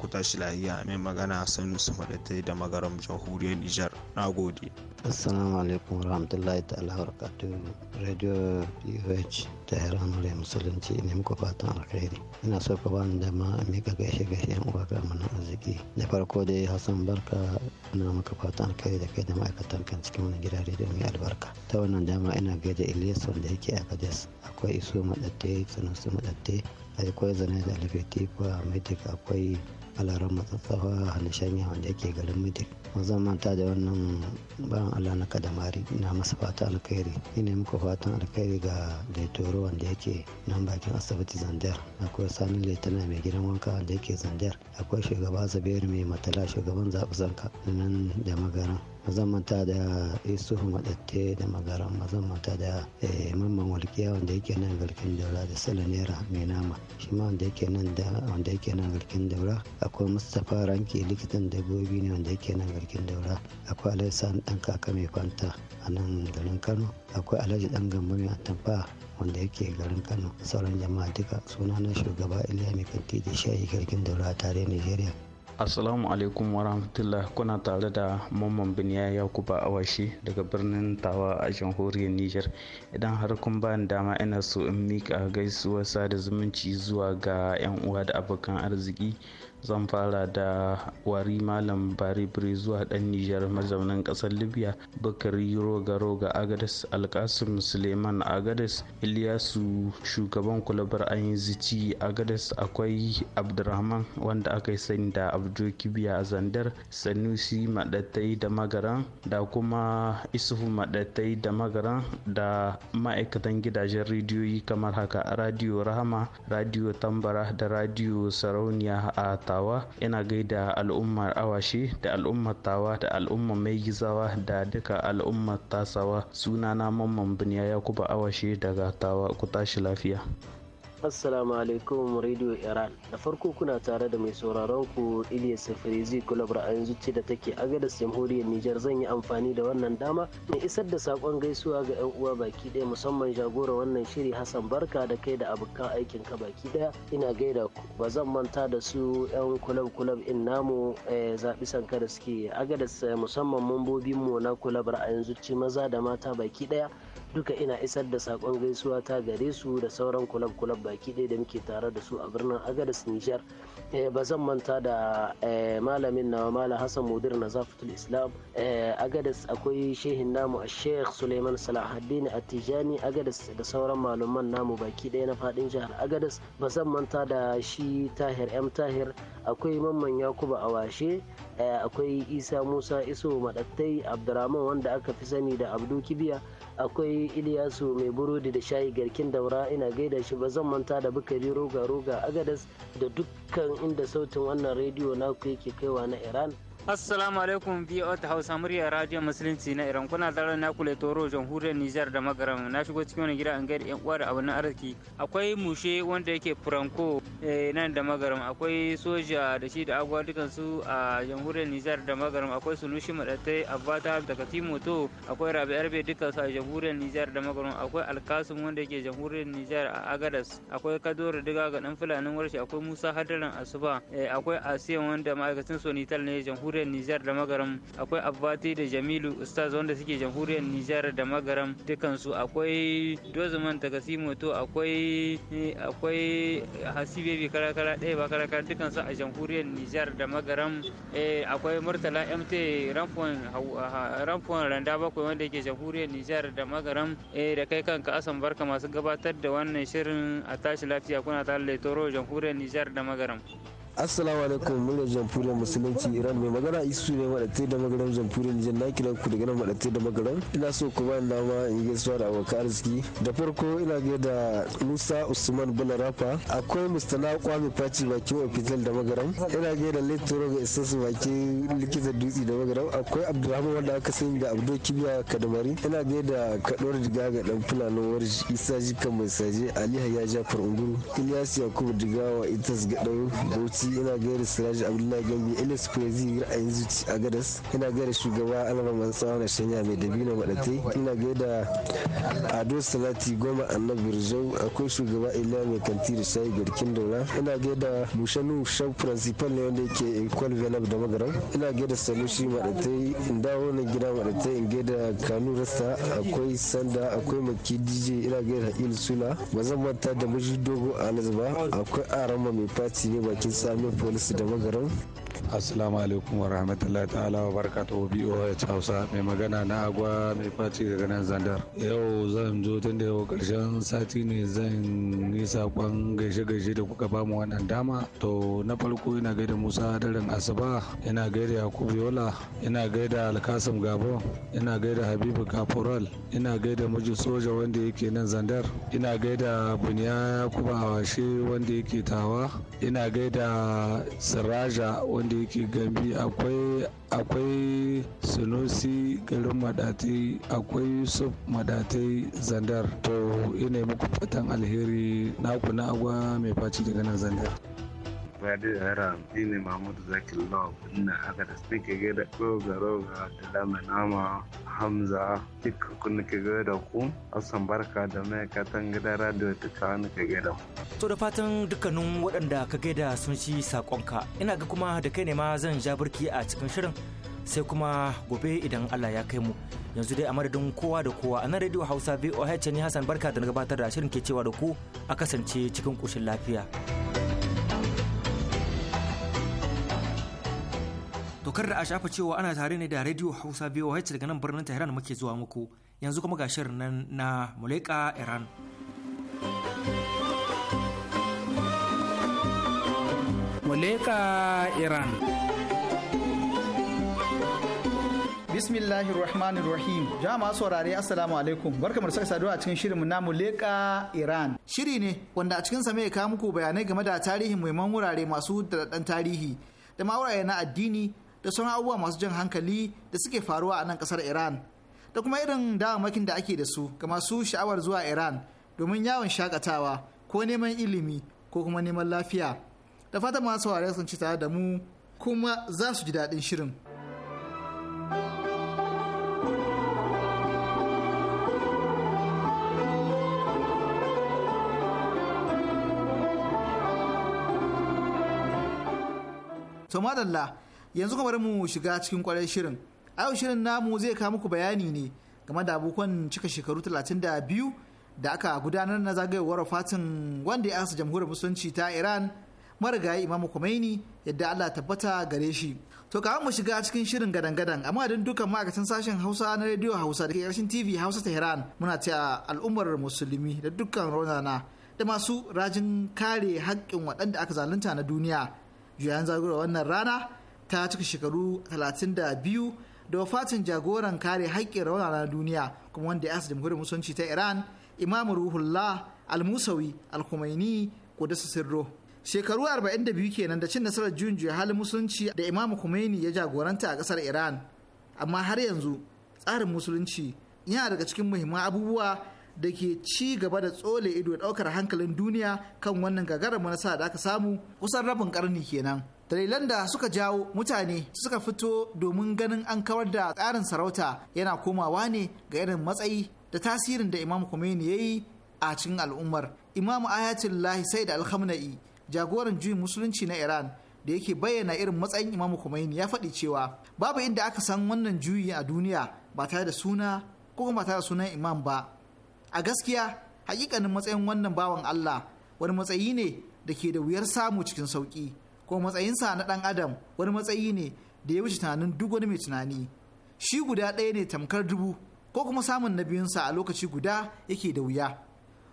ku tashi lahiya mai magana sanusi madatai da magaram jamhuriyar nijar na gode assalamu alaikum rahmatullahi ta'ala barakatu radio uh tahiran murya musulunci ne muku fatan alkhairi ina so ka bani dama a mika gaishe gaishe yan uwa ga mana arziki da farko dai hassan barka ina maka fatan alkhairi da kai da ma'aikatan kan cikin wani gida radio mai albarka ta wannan dama ina gaida ilyas wanda yake a gadas akwai iso madatte sanusu madatte akwai zane da alifetifa medik akwai alaran matsatsawa hannun shanya wanda yake garin medik ba zan manta da wannan bayan allah na kadamari na masa fata alkhairi ina muku fatan alkhairi ga daitoro wanda yake nan bakin asibiti zandar akwai sanin laitana mai gidan wanka wanda yake zandar akwai shugaba zabiyar mai matala shugaban zaɓi zanka nan da magaran mazamanta da isuhu madatte da magaran mazamanta da eh, mamman walƙiya wanda yake nan garkin daura da salanera mai nama shi ma wanda yake nan nan garkin daura akwai mustapha ranki likitan dabbobi ne wanda yake nan garkin daura akwai alhassan dan kaka mai fanta a nan garin kano akwai alhaji dan gambo mai atamfa wanda yake garin kano sauran jama'a duka sunana shugaba iliya mai kanti da shayi garkin daura tare nigeria Assalamu alaikum warahmatullah kuna tare da Mamman Biniya Yakuba Awashi daga birnin Tawa a jamhuriyar niger Idan har kun bani dama ina so in mika gaisuwar sada zumunci zuwa ga 'yan uwa da abokan arziki zan fara da wari malam bari bari zuwa dan nijar mazaunin kasar libya bakari roga roga agadis alkasim suleiman agadis iliyasu shugaban kulabar a agadis akwai abdurrahman wanda aka yi sani da abdul kibiya a zandar sanusi maɗatai da magaran da kuma isufu maɗatai da magaran da ma'aikatan gidajen rediyoyi kamar haka radio rahama radio tambara da radio sarauniya a tawa ina gaida al'ummar awashi da al'ummar tawa da al'ummar mai gizawa da duka al'ummar tasawa sunana mamman biniya yakuba awashi daga tawa ku tashi lafiya Assalamu alaikum Radio Iran. Da farko kuna tare da mai sauraron ku Ilyas Safirizi a yanzu zuci da take agadas jamhuriyar Nijar zan yi amfani da wannan dama mai isar da sakon gaisuwa ga yan uwa baki ɗaya musamman jagora wannan shiri Hassan Barka da kai da abokan aikin ka baki ɗaya ina gaida ku ba zan manta da su yan kulab kulab in namu eh, zaɓi sanka da suke agadas musamman mambobin mu na a yanzu zuci maza da mata baki ɗaya duka ina isar da sakon gaisuwa ta gare su da sauran kulab kulab baki ɗaya da muke tare da su a birnin agadas nijar eh, ba zan manta da eh, malamin na malam hassan mudir na zafatul islam eh, agadas akwai shehin namu a sheikh suleiman salahaddin a tijani agadas da sauran malaman namu baki ɗaya na fadin jihar agadas ba zan manta da shi tahir m tahir akwai mamman yakuba washe akwai isa musa iso madattai abdurrahman wanda aka fi sani da abdu kibiya akwai iliyasu mai burodi da shayi garkin daura ina gaida shi ba zan manta da bukari roga roga agadas da dukkan inda sautin wannan rediyo naku yake kaiwa na iran Assalamu alaikum VOA Hausa murya Radio Musulunci na Iran kuna zara na kule toro jamhuriyar Nijar da Magaram na shigo cikin wani gida an gaida yan uwa da na arziki akwai mushe wanda yake Franco eh, nan da Magaram akwai soja da shi da agwa dukan su a jamhuriyar Nijar da Magaram akwai Sulushi Madatai Abata da Katimoto akwai Rabi Arbe dukan su a jamhuriyar Nijar da Magaram akwai Alkasum wanda yake jamhuriyar Nijar a Agadas akwai Kadoro Diga ga dan Fulanin Warshi akwai Musa Hadaran Asuba eh, akwai Asiya wanda ma'aikacin Sonital ne jamhuriyar jamhuriyar Nijar da Magaram akwai Abbati da Jamilu Ustaz wanda suke jamhuriyar Nijar da Magaram dukansu akwai Dozuman Tagasimoto akwai akwai Hasibe karakara ɗaya ba karakara dukansu a jamhuriyar Nijar da Magaram eh, akwai Murtala MT Ramfon Randa bakwai wanda yake jamhuriyar Nijar da Magaram eh, da kai kanka asan barka masu gabatar da wannan shirin a tashi lafiya kuna tare da Toro jamhuriyar Nijar da Magaram. assalamu alaikum muryar jamhuriyar musulunci iran mai magana isu ne maɗate da magaran jamhuriyar nijar na kira ku daga nan maɗate da magaran ina so ku bayan dama in gaisuwa da abokan arziki da farko ina ga da musa usman rafa akwai mustana kwami faci baki ofital da magaran ina ga da lettoro ga isassu baki likita dutse da magaran akwai abdulrahman wanda aka sani da abdul kibiya kadamari ina ga da kaɗuwar diga ga ɗan fulani warji isa jikan mai saje ali hayya jafar unguru ilyas yakubu wa itas gadau bauchi lokaci ina gaira siraji abdullahi gambi ilis kwezi ra'ayin zuci a gadas ina gaira shugaba alama mansawa na shanya mai dabino wadatai ina gaida ado salati goma annabi rijau akwai shugaba ila mai kanti da shayi garkin daura ina gaida mushanu shau principal ne wanda yake ikwal velab da magaram ina gaida salushi madatai in dawo na gida madatai in gaida kanu rasta akwai sanda akwai maki dj ina gaida da sula ba zan manta da mashi dogo a ba akwai arama mai pati ne bakin tsara jami'ar polisi da magaram assalamu alaikum wa rahmatullahi ta'ala wa barakatuhu boh hausa mai magana na agwa mai faci daga nan zandar yau zan zo tun da yau karshen sati ne zan yi sakon gaishe gaishe da kuka bamu wannan dama to na farko ina gaida musa daren asuba ina gaida yakubu yola ina gaida alkasim gabo ina gaida habibu Kaporal. ina gaida miji soja wanda yake nan zandar ina gaida buniya yakuba washe wanda yake tawa ina gaida siraja wanda wanda yake gambi akwai akwai sunusi garin madatai akwai yusuf madatai zandar to ina muku fatan alheri naku na agwa mai faci daga nan zandar Badi Haram shine Mahmud Zakir Love ina Agadas ke gida Roga Roga da Dama Nama Hamza duk kun nake gaida ku Hassan Barka da mai katan gidan radio duka nake gaida ku. To da fatan dukkanin waɗanda ka gaida sun ci sakonka ina ga kuma da kai ne ma zan ja birki a cikin shirin sai kuma gobe idan Allah ya kai mu yanzu dai a madadin kowa da kowa a nan radio hausa voh ne hassan barka da gabatar da shirin ke cewa da ku a kasance cikin ƙoshin lafiya. kar da a shafa cewa ana tare ne da Radio Hausa biyu wahai daga nan birnin Tehran muke zuwa muku. Yanzu kuma ga shirin nan na Muleka Iran. Muleka Iran. Bismillahir Rahmanir Rahim. Jama'a saurare Assalamu alaikum. Barkamu da saka saduwa a cikin shirinmu na Muleka Iran. Shiri ne wanda a cikin sa mai kawo muku bayanai game da tarihin muhimman wurare masu daɗaɗɗen tarihi da ma wurare na addini da sauran abubuwa masu jan hankali da suke faruwa a nan kasar iran da kuma irin damamakin da ake da su ga masu sha'awar zuwa iran domin yawon shakatawa ko neman ilimi ko kuma neman lafiya da fata masu saurare sun ci tare da mu kuma za su ji daɗin shirin to madalla yanzu kamar mu shiga cikin kwarar shirin a yau shirin namu zai kawo muku bayani ne game da abokan cika shekaru 32 da aka gudanar na zagayowar fatin wanda ya asa jamhuriyar musulunci ta iran marigayi imamu Khomeini yadda allah tabbata gare shi to kawo mu shiga cikin shirin gadan-gadan amma don dukkan ma'aikatan sashen hausa na rediyo hausa da ke karshen tv hausa ta iran muna ta al'ummar musulmi da dukkan raunana da masu rajin kare haƙƙin waɗanda aka zalunta na duniya juyan zagayowar wannan rana ta cika shekaru 32 da wafatin jagoran kare haƙƙin na duniya kuma wanda ya jamhuriyar musulunci ta iran imam ruhullah al-musawi al-kumaini kudusu sirro shekaru 42 kenan da cin nasarar juyin juya halin musulunci da imam kumaini ya jagoranta a ƙasar iran amma har yanzu tsarin musulunci yana daga cikin muhimman abubuwa da ke ci gaba da tsole ido daukar hankalin duniya kan wannan gagarar sa da aka samu kusan rabin karni kenan dalilan da suka jawo mutane suka fito domin ganin an kawar da tsarin sarauta yana komawa ne ga irin matsayi da tasirin da imam Khomeini ya yi a cikin al'ummar imam ayatullahi sai da alhamna'i jagoran juyin musulunci na iran da yake bayyana irin matsayin imam Khomeini ya faɗi cewa babu inda aka san wannan juyi a duniya ba tare da suna ko ba tare da sunan imam ba a gaskiya hakikanin matsayin wannan bawan allah wani matsayi ne da ke da wuyar samu cikin sauki ko matsayinsa na ɗan adam wani matsayi ne da ya wuce tunanin duk wani mai tunani shi guda ɗaya ne tamkar dubu ko kuma samun na biyunsa a lokaci guda yake da wuya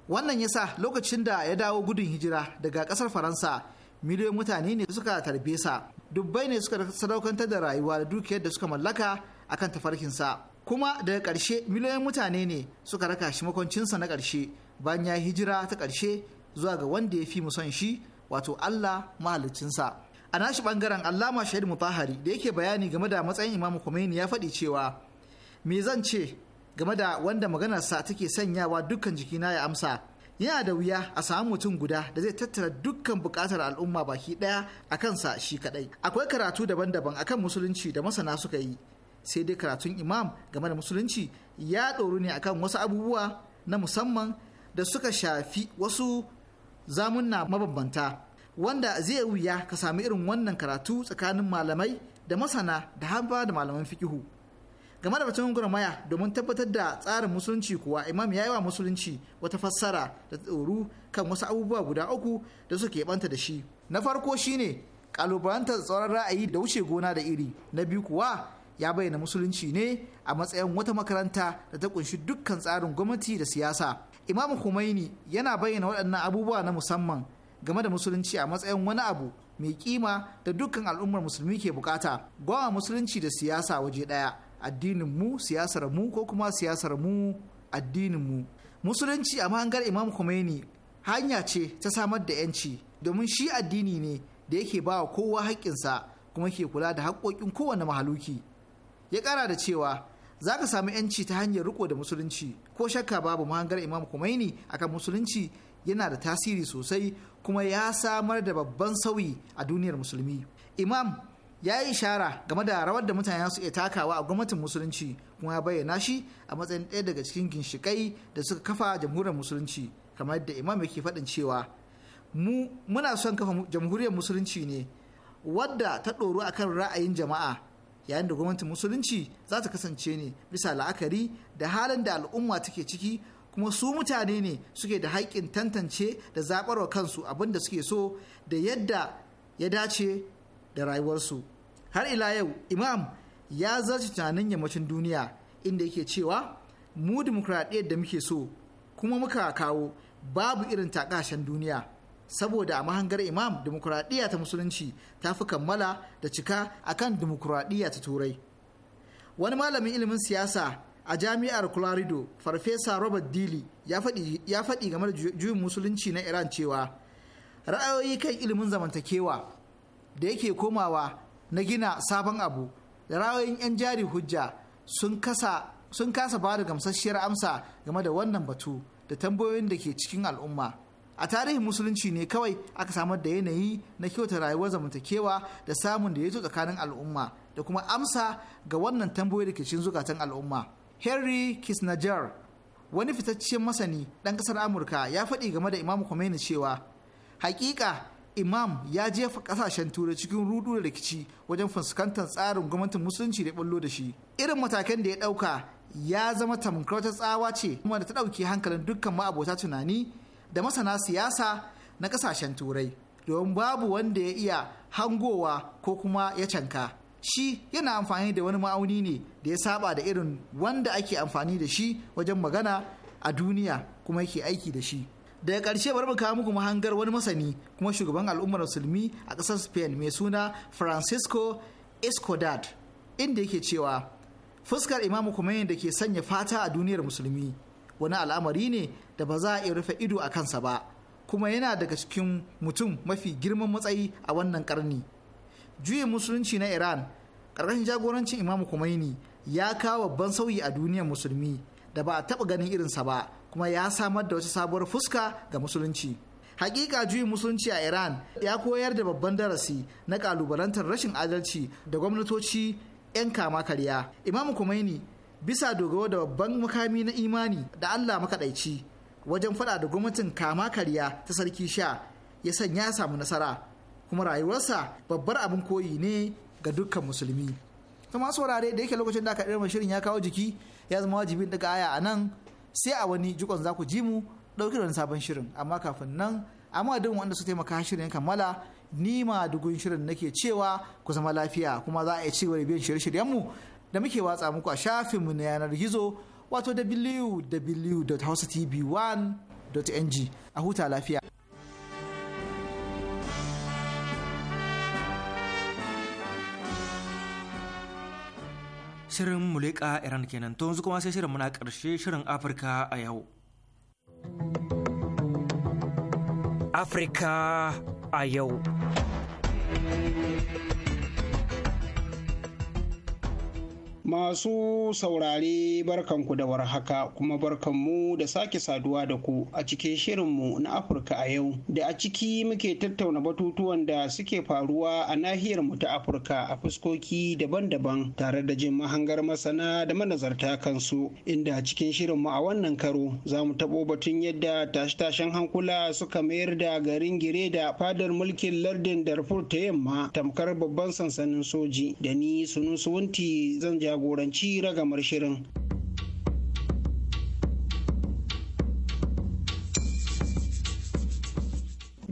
wannan yasa lokacin da ya dawo gudun hijira daga ƙasar faransa miliyoyin mutane ne suka tarbe sa dubbai ne suka sadaukantar da rayuwa da dukiyar da suka mallaka akan tafarkinsa kuma daga ƙarshe miliyoyin mutane ne suka raka shi makwancinsa na ƙarshe bayan ya hijira ta ƙarshe zuwa ga wanda ya fi mu son shi wato Allah mahalicinsa. a nashi bangaren Allama Shahid Mutahari da yake bayani game da matsayin Imam Khomeini ya faɗi cewa me zan ce game da wanda maganarsa take sanyawa dukkan jikina ya amsa yana da wuya a samu mutum guda da zai tattara dukkan bukatar al'umma baki ɗaya a kansa shi kaɗai? akwai karatu daban-daban akan musulunci da masana suka yi sai dai karatun imam game da musulunci ya ɗoru ne akan wasu abubuwa na musamman da suka shafi wasu Zamun na mabambanta wanda zai wuya ka sami irin wannan karatu tsakanin malamai da masana da haba da malaman fikihu game da batun gurmaya domin tabbatar da tsarin musulunci kuwa imam ya yi wa musulunci wata fassara da tsoro kan wasu abubuwa guda uku da suke banta da shi na farko shine kalubalantar tsoron ra'ayi da wuce gona da iri na biyu kuwa ya bayyana musulunci ne a matsayin wata makaranta da ta kunshi dukkan tsarin gwamnati da siyasa imam Khomeini yana bayyana waɗannan abubuwa na musamman game da musulunci a matsayin wani abu mai kima da dukkan al'ummar musulmi ke bukata gwawa musulunci da siyasa waje ɗaya addinin mu siyasar mu ko kuma siyasar mu addinin mu musulunci a mahangar imam Khomeini hanya ce ta samar da yanci domin shi addini ne da yake ba wa kowa haƙƙinsa kuma ke kula da haƙƙoƙin kowane mahaluki ya ƙara da cewa za ka samu yanci ta hanyar riko da musulunci ko shakka babu mahangar imam kumaini akan musulunci yana da tasiri sosai kuma ya samar da babban sauyi a duniyar musulmi imam ya yi ishara game da rawar da mutane su iya takawa a gwamnatin musulunci kuma ya bayyana shi a matsayin ɗaya daga cikin ginshiƙai da suka kafa jamhuriyar musulunci kamar yadda imam yake faɗin cewa mu muna son kafa jamhuriyar musulunci ne wadda ta ɗoru akan ra'ayin jama'a yayin da gwamnatin musulunci za ta kasance ne bisa la'akari da halin da al'umma take ciki kuma su mutane ne suke da haƙƙin tantance da zaɓarwa kansu abin da suke so da yadda ya dace da rayuwarsu har ila yau imam ya zarce tunanin yammacin duniya inda yake cewa mu dimokuraɗiyyar da muke so kuma muka kawo babu irin takashen duniya saboda a mahangar imam dimokuraɗiyya ta musulunci ta fi kammala da cika a kan dimokuraɗiyya ta turai wani malamin ilimin siyasa a jami'ar colorado farfesa robert dili ya faɗi game da juyin musulunci na iran cewa ra'ayoyi kan ilimin zamantakewa da yake komawa na gina sabon abu da ra'ayoyin 'yan jari hujja sun kasa ba da gamsasshiyar amsa game da wannan batu da tambayoyin da ke cikin al'umma a tarihin musulunci ne kawai aka samar da yanayi na kyauta rayuwar zamantakewa da samun da ya tsakanin al'umma da kuma amsa ga wannan tambayoyi da ke cikin zukatan al'umma henry kisnajar wani fitaccen masani ɗan ƙasar amurka ya faɗi game da imam khomeini cewa haƙiƙa imam ya jefa ƙasashen turai cikin rudu da rikici wajen fuskantar tsarin gwamnatin musulunci da ɓullo da shi irin matakan da ya ɗauka ya zama tamkar wata tsawa ce kuma da ta ɗauki hankalin dukkan ma'abota tunani da masana siyasa na kasashen turai domin babu wanda ya iya hangowa ko kuma ya canka shi yana amfani da wani ma'auni ne da ya saba da irin wanda ake amfani da shi wajen magana a duniya kuma yake aiki da shi daga ƙarshe bari mu kawo muku mahangar wani masani kuma shugaban al'ummar musulmi a ƙasar spain mai suna francisco escodad inda yake cewa fuskar imamu kuma da ke sanya fata a duniyar musulmi wani al'amari ne da ba za a iya rufe ido a kansa ba kuma yana daga cikin mutum mafi girman matsayi a wannan karni juyin musulunci na iran ƙarƙashin jagorancin imam kumaini ya kawo babban sauyi a duniyar musulmi da ba a taɓa ganin irinsa ba kuma ya samar da wata sabuwar fuska ga musulunci hakika juyin musulunci a iran ya koyar da babban darasi na kalubalantar rashin adalci da gwamnatoci 'yan kama karya imam kumaini bisa dogaro da babban makami na imani da allah makaɗaici wajen fada da gwamnatin kama karya ta sarki sha ya sanya samu nasara kuma rayuwarsa babbar abin koyi ne ga dukkan musulmi kuma wurare da yake lokacin da aka ɗirma shirin ya kawo jiki ya zama wajibin daga aya a nan sai a wani jikon za ku ji mu ɗauki da wani sabon shirin amma kafin nan a madadin wanda su taimaka shirin kammala ni ma dugun shirin nake cewa ku zama lafiya kuma za a iya cigaba da biyan shirye-shiryenmu da muke watsa muku a shafinmu na yanar gizo wato www.hausatv1.ng a huta lafiya. Shirin Muleka Iran kenan to yanzu kuma sai shirin muna ƙarshe shirin Afirka a yau. Afirka a yau. Masu saurare barkanku da warhaka kuma barkanmu da sake saduwa da ku a cikin shirinmu na Afirka a yau da a ciki muke tattauna batutuwan da suke faruwa a nahiyar mu ta Afirka a fuskoki daban-daban tare da jin mahangar masana da manazarta kansu inda a cikin shirinmu a wannan karo za mu taɓo batun yadda tashe-tashen hankula suka mayar da garin gire da fadar mulkin lardin Darfur ta yamma tamkar babban sansanin soji da ni sunusuwunti zan ja jagoranci ragamar shirin.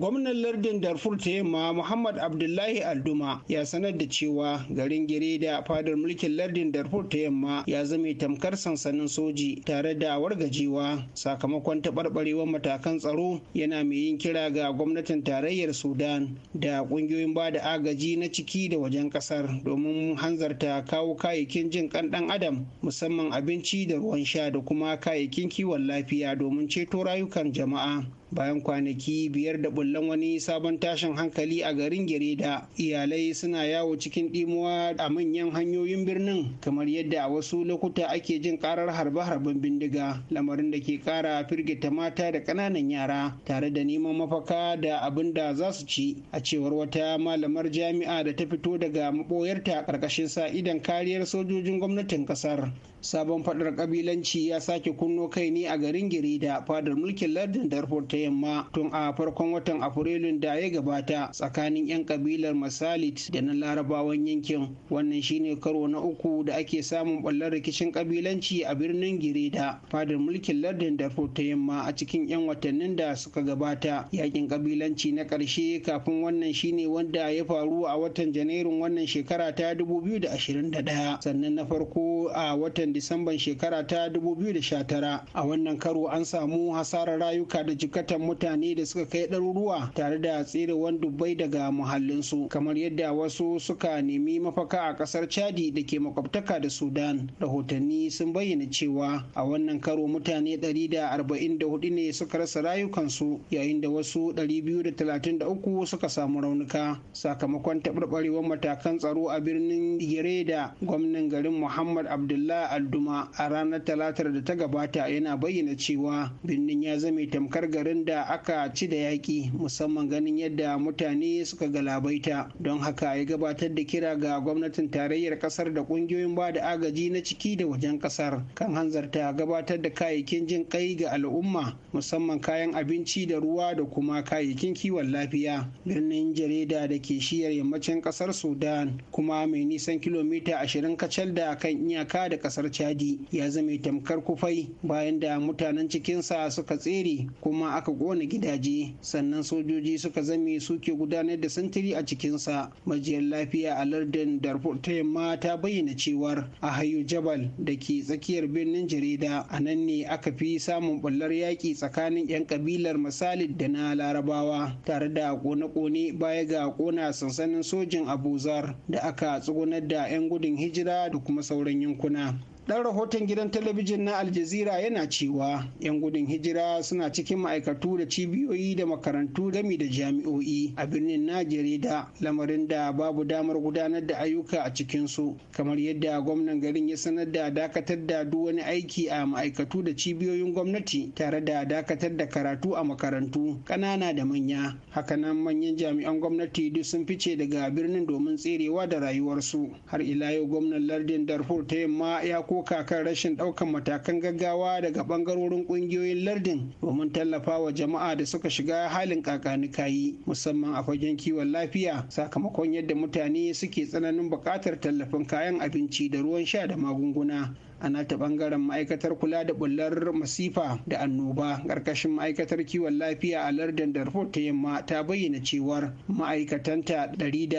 gwamnan lardin darfur ta yamma muhammad abdullahi alduma ya sanar da cewa garin gire da fadar mulkin lardin darfur ta yamma ya zame tamkar sansanin soji tare da wargajewa sakamakon taɓarɓarewar matakan tsaro yana mai yin kira ga gwamnatin tarayyar sudan da ƙungiyoyin ba da agaji na ciki da wajen ƙasar domin hanzarta kawo kayayyakin jin ƙanɗan ɗan adam musamman abinci da ruwan sha da kuma kayayyakin kiwon lafiya domin ceto rayukan jama'a bayan kwanaki biyar da bullan wani sabon tashin hankali a garin gereda iyalai suna yawo cikin ɗimuwa a manyan hanyoyin birnin kamar yadda a wasu lokuta ake jin karar harbe-harben bindiga lamarin da ke kara firgita mata da ƙananan yara tare da neman mafaka da abin da za su ci a cewar wata malamar jami'a da ta fito daga maɓoyarta ƙarƙashin sa idan kariyar sojojin gwamnatin ƙasar sabon fadar kabilanci ya sake kunno kai ne a garin Gireda, fadar mulkin lardin darfur ta yamma tun a farkon watan afrilun da ya gabata tsakanin 'yan kabilar masalit da na larabawan yankin wannan shine karo na uku da ake samun ɓallar rikicin kabilanci a birnin Gireda, fadar mulkin lardin darfur ta yamma a cikin 'yan watannin da suka gabata yakin kabilanci na ƙarshe kafin wannan shine wanda ya faru a watan janairun wannan shekara ta 2021 sannan na farko a watan disamban shekara ta 2019 a wannan karo an samu hasarar rayuka da jikatan mutane da suka kai ɗaruruwa tare da tserewan dubbai daga muhallinsu kamar yadda wasu suka nemi mafaka a ƙasar chadi da ke makwabtaka da sudan rahotanni sun bayyana cewa a wannan karo mutane 144 ne suka rasa rayukansu yayin da wasu 233 suka samu raunuka sakamakon taɓarɓarewar matakan tsaro a birnin Gireda gwamnan garin muhammad abdullah alduma a ranar talatar da ta gabata yana bayyana cewa birnin ya zame tamkar garin da aka ci da yaƙi musamman ganin yadda mutane suka galabaita don haka ya gabatar da kira ga gwamnatin tarayyar kasar da ƙungiyoyin ba da agaji na ciki da wajen kasar kan hanzarta gabatar da kayayyakin jin kai ga al'umma musamman kayan abinci da ruwa da kuma kayayyakin kiwon lafiya birnin jarida da ke shiyar yammacin kasar sudan kuma mai nisan kilomita ashirin kacal da kan iyaka da kasar chadi ya zame tamkar kufai bayan da mutanen cikinsa suka tsere kuma aka kona gidaje sannan sojoji suka zame suke gudanar da sintiri a cikinsa majiyar lafiya a lardin darfur ta yamma ta bayyana cewar a hayu jabal da ke tsakiyar birnin jarida a nan ne aka fi samun bullar yaƙi tsakanin 'yan kabilar masalid da na larabawa tare da kone-kone baya ga kona sansanin sojin abuzar da aka tsugunar da 'yan gudun hijira da kuma sauran yankuna dan rahoton gidan talabijin na Aljazeera yana cewa 'yan gudun hijira suna cikin ma'aikatu da cibiyoyi da makarantu gami da jami'o'i a birnin najerida lamarin da babu damar gudanar da ayyuka a cikinsu kamar yadda gwamnan garin ya sanar da dakatar da duk wani aiki a ma'aikatu da cibiyoyin gwamnati tare da dakatar da karatu a makarantu ƙanana da manya hakanan manyan jami'an gwamnati duk sun fice daga birnin domin tserewa da rayuwarsu har ila yau gwamnan lardin darfur ta yamma ya ko koka kan rashin ɗaukar matakan gaggawa daga ɓangarorin ƙungiyoyin lardin domin tallafa wa jama'a da suka shiga halin kakanikayi musamman a fagen kiwon lafiya sakamakon yadda mutane suke tsananin buƙatar tallafin kayan abinci da ruwan sha da magunguna a nata bangaren ma'aikatar kula da bullar masifa da annoba ƙarƙashin ma'aikatar kiwon lafiya a lardin darfur ta yamma ta bayyana cewar ma'aikatanta 108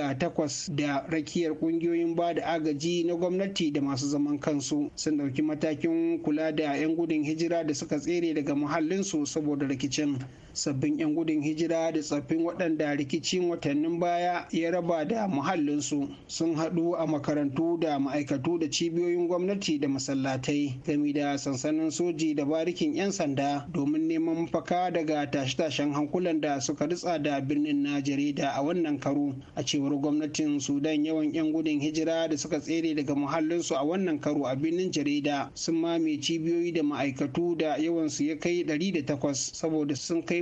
da rakiyar ƙungiyoyin ba da agaji na gwamnati da masu zaman kansu sun ɗauki matakin kula da 'yan gudun hijira da suka tsere daga muhallinsu saboda rikicin sabbin 'yan gudun hijira da tsaffin waɗanda rikicin watannin baya ya raba da muhallinsu sun haɗu a makarantu da ma'aikatu da cibiyoyin gwamnati da masallatai gami da sansanin soji da barikin 'yan sanda domin neman mafaka daga tashe-tashen hankulan da suka ritsa da birnin na jarida a wannan karo a cewar gwamnatin sudan yawan 'yan gudun hijira da suka tsere daga muhallinsu a wannan karo a birnin jarida sun mame cibiyoyi da ma'aikatu da yawansu ya kai 108 saboda sun kai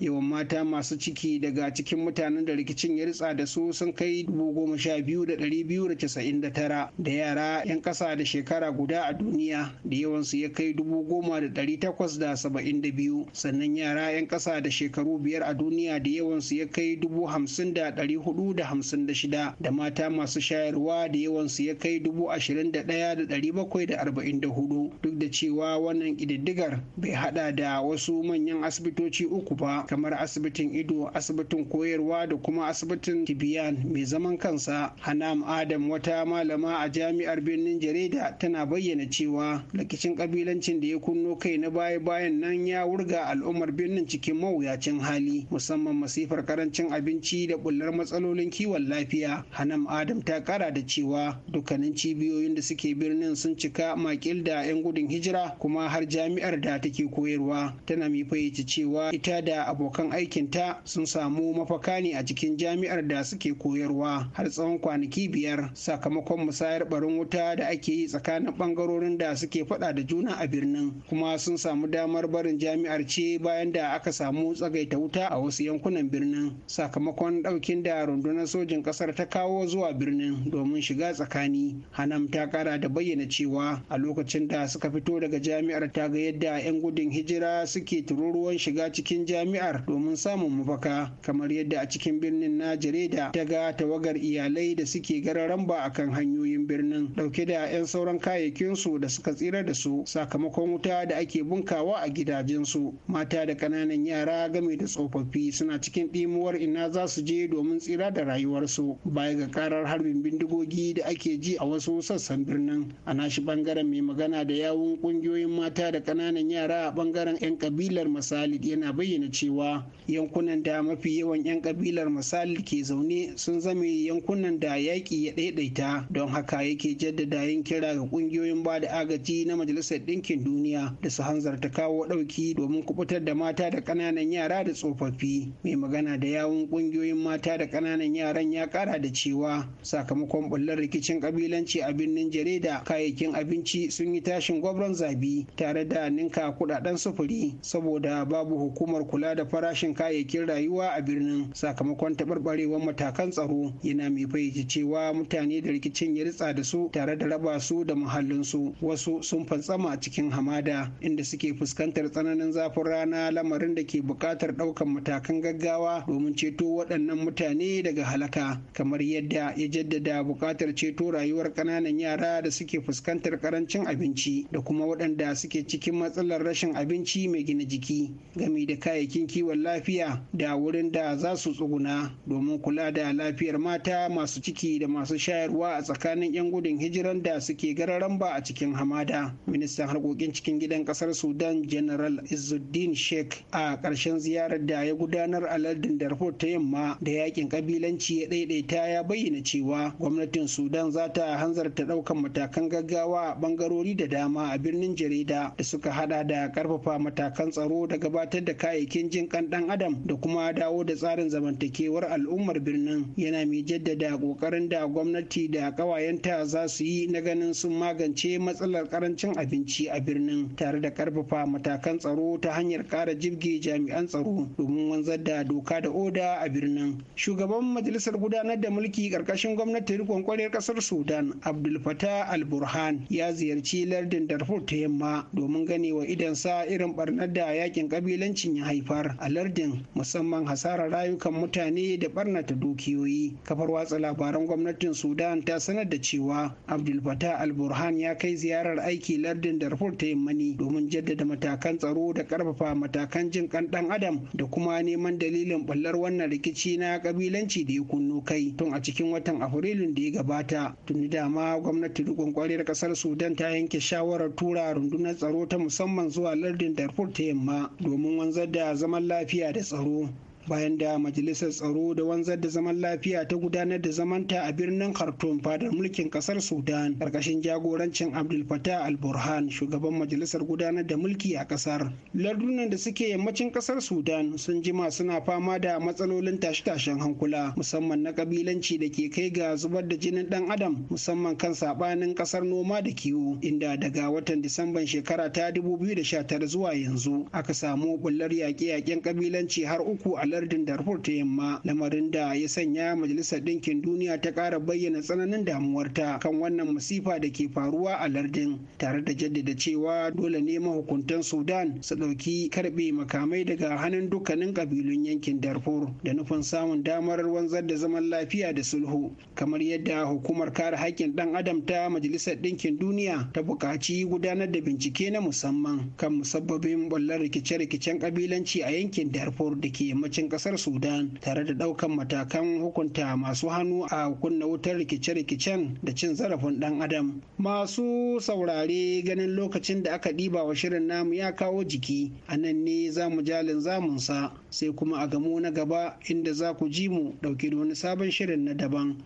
yawan mata masu ciki daga cikin mutanen da rikicin ya ritsa da su sun kai dubu goma sha biyu da biyu da casa'in da tara da yara 'yan ƙasa da shekara guda a duniya da yawansu ya kai dubu goma da takwas da saba'in da biyu sannan yara 'yan ƙasa da shekaru biyar a duniya da yawansu ya kai dubu hamsin da hudu da hamsin da shida da mata masu shayarwa da yawansu ya kai dubu ashirin da ɗaya da bakwai da arba'in da hudu duk da cewa wannan ƙididdigar bai haɗa da wasu manyan asibitoci uku ba kamar asibitin ido asibitin koyarwa da kuma asibitin tibiyan mai zaman kansa hanam adam wata malama a jami'ar birnin jarida tana bayyana cewa rikicin kabilancin da ya kunno kai na baya bayan nan ya wurga al'ummar birnin cikin mawuyacin hali musamman masifar karancin abinci da bullar matsalolin kiwon lafiya hanam adam ta kara da cewa dukkanin cibiyoyin da suke birnin sun cika makil da 'yan gudun hijira kuma har jami'ar da take koyarwa tana mai fahimci cewa ita da abokan aikinta sun samu mafaka ne a cikin jami'ar da suke koyarwa har tsawon kwanaki biyar sakamakon musayar barin wuta da ake yi tsakanin bangarorin da suke faɗa da juna a birnin kuma sun samu damar barin jami'ar ce bayan da aka samu tsagaita wuta a wasu yankunan birnin sakamakon ɗaukin da rundunar sojin ƙasar ta kawo zuwa birnin domin shiga tsakani hanam ta kara da bayyana cewa a lokacin da suka fito daga jami'ar ta ga yadda 'yan gudun hijira suke tururuwan shiga cikin jami'ar jihar domin samun mafaka kamar yadda a cikin birnin na jarida ta ga tawagar iyalai da suke gararamba a kan hanyoyin birnin dauke da 'yan sauran kayayyakinsu da suka tsira da su sakamakon wuta da ake bunkawa a gidajensu mata da kananan yara game da tsofaffi suna cikin ɗimuwar ina za su je domin tsira da rayuwarsu baya ga karar harbin bindigogi da ake ji a wasu sassan birnin a nashi bangaren mai magana da yawun ƙungiyoyin mata da ƙananan yara a bangaren 'yan kabilar masalid yana bayyana cewa rayuwa yankunan da mafi yawan 'yan kabilar misali ke zaune sun zame yankunan da yaƙi ya ɗaiɗaita don haka yake jaddada yin kira ga ƙungiyoyin ba da agaji na majalisar ɗinkin duniya da su hanzarta kawo ɗauki domin kubutar da mata da ƙananan yara da tsofaffi mai magana da yawun ƙungiyoyin mata da ƙananan yaran ya ƙara da cewa sakamakon bullar rikicin ƙabilanci a birnin jarida kayayyakin abinci sun yi tashin gwabron zabi tare da ninka kuɗaɗen sufuri saboda babu hukumar kula da farashin kayayyakin rayuwa a birnin sakamakon taɓarɓarewar matakan tsaro yana mai fayyace cewa mutane da rikicin ya ritsa da su tare da raba su da muhallinsu wasu sun fantsama a cikin hamada inda suke fuskantar tsananin zafin rana lamarin da ke buƙatar ɗaukar matakan gaggawa domin ceto waɗannan mutane daga halaka kamar yadda ya jaddada buƙatar ceto rayuwar ƙananan yara da suke fuskantar ƙarancin abinci da kuma waɗanda suke cikin matsalar rashin abinci mai gina jiki game da kayayyakin cibiyoyin kiwon lafiya da wurin da za su tsuguna domin kula da lafiyar mata masu ciki da masu shayarwa a tsakanin 'yan gudun hijiran da suke gararan ba a cikin hamada ministan harkokin cikin gidan kasar sudan general izzuddin sheikh a ƙarshen ziyarar da ya gudanar a lardin darfur ta yamma da yakin kabilanci ya daidaita ya bayyana cewa gwamnatin sudan za ta hanzarta ɗaukan matakan gaggawa a ɓangarori da dama a birnin jarida da suka hada da ƙarfafa matakan tsaro da gabatar da kayayyakin jin kan dan adam da kuma dawo da tsarin zamantakewar al'ummar birnin yana mai jaddada kokarin da gwamnati da kawayenta za su yi na ganin sun magance matsalar karancin abinci a birnin tare da karfafa matakan tsaro ta hanyar kara jibge jami'an tsaro domin wanzar da doka da oda a birnin shugaban majalisar gudanar da mulki karkashin gwamnati rikon kwarar ƙasar sudan abdul fatah al burhan ya ziyarci lardin darfur ta yamma domin ganewa sa irin barnar da yakin kabilancin ya haifar kamar a lardin musamman hasarar rayukan mutane da barnata dukiyoyi kafar watsa labaran gwamnatin sudan ta sanar da cewa abdul fatah al-burhan ya kai ziyarar aiki lardin darfur ta yammani domin jaddada matakan tsaro da karfafa matakan jin kan dan adam da kuma neman dalilin ɓallar wannan rikici na kabilanci da ya kunno kai tun a cikin watan afrilun da ya gabata tuni dama gwamnati rikon kwarar kasar sudan ta yanke shawarar tura rundunar tsaro ta musamman zuwa lardin darfur ta yamma domin wanzar da zama zaman lafiya da tsaro bayan da majalisar tsaro da wanzar da zaman lafiya ta gudanar da zamanta a birnin khartoum fadar mulkin kasar sudan karkashin jagorancin abdul fatah al-burhan shugaban majalisar gudanar da mulki a kasar lardunan da suke yammacin kasar sudan sun jima suna fama da matsalolin tashe-tashen hankula musamman na kabilanci da ke kai ga zubar da jinin dan adam musamman kan sabanin kasar noma da kiwo inda daga watan disamban shekara ta 2019 zuwa yanzu aka samu bullar yaƙe-yaƙen kabilanci har uku a lardin darfur ta yamma lamarin da ya sanya majalisar ɗinkin duniya ta kara bayyana tsananin damuwarta kan wannan masifa da ke faruwa a lardin tare da jaddada cewa dole ne mahukuntan sudan su ɗauki karɓe makamai daga hannun dukkanin kabilun yankin darfur da nufin samun damar wanzar da zaman lafiya da sulhu kamar yadda hukumar kare haƙƙin ɗan adam ta majalisar ɗinkin duniya ta buƙaci gudanar da bincike na musamman kan musabbabin ɓallon rikice-rikicen ƙabilanci a yankin darfur da ke yammacin yankin kasar sudan tare da daukan matakan hukunta masu hannu a kunna wutar rikice-rikicen da cin zarafin dan adam masu saurare ganin lokacin da aka ɗiba wa shirin namu ya kawo jiki a nan ne za mu jalin zamunsa sai kuma a gamo na gaba inda za ku ji mu ɗauke da wani sabon shirin na daban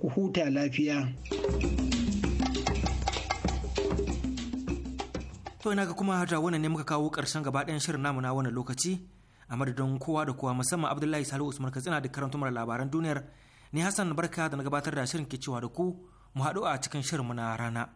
ku huta lafiya. To ina ga kuma da wannan ne muka kawo ƙarshen gaba ɗayan shirin namu na wannan lokaci a madadin kowa da kowa musamman abdullahi salihu usman katsina da karanto mara labaran duniyar ni hassan barka da na gabatar da shirin ke cewa da ku mu haɗu a cikin mu na rana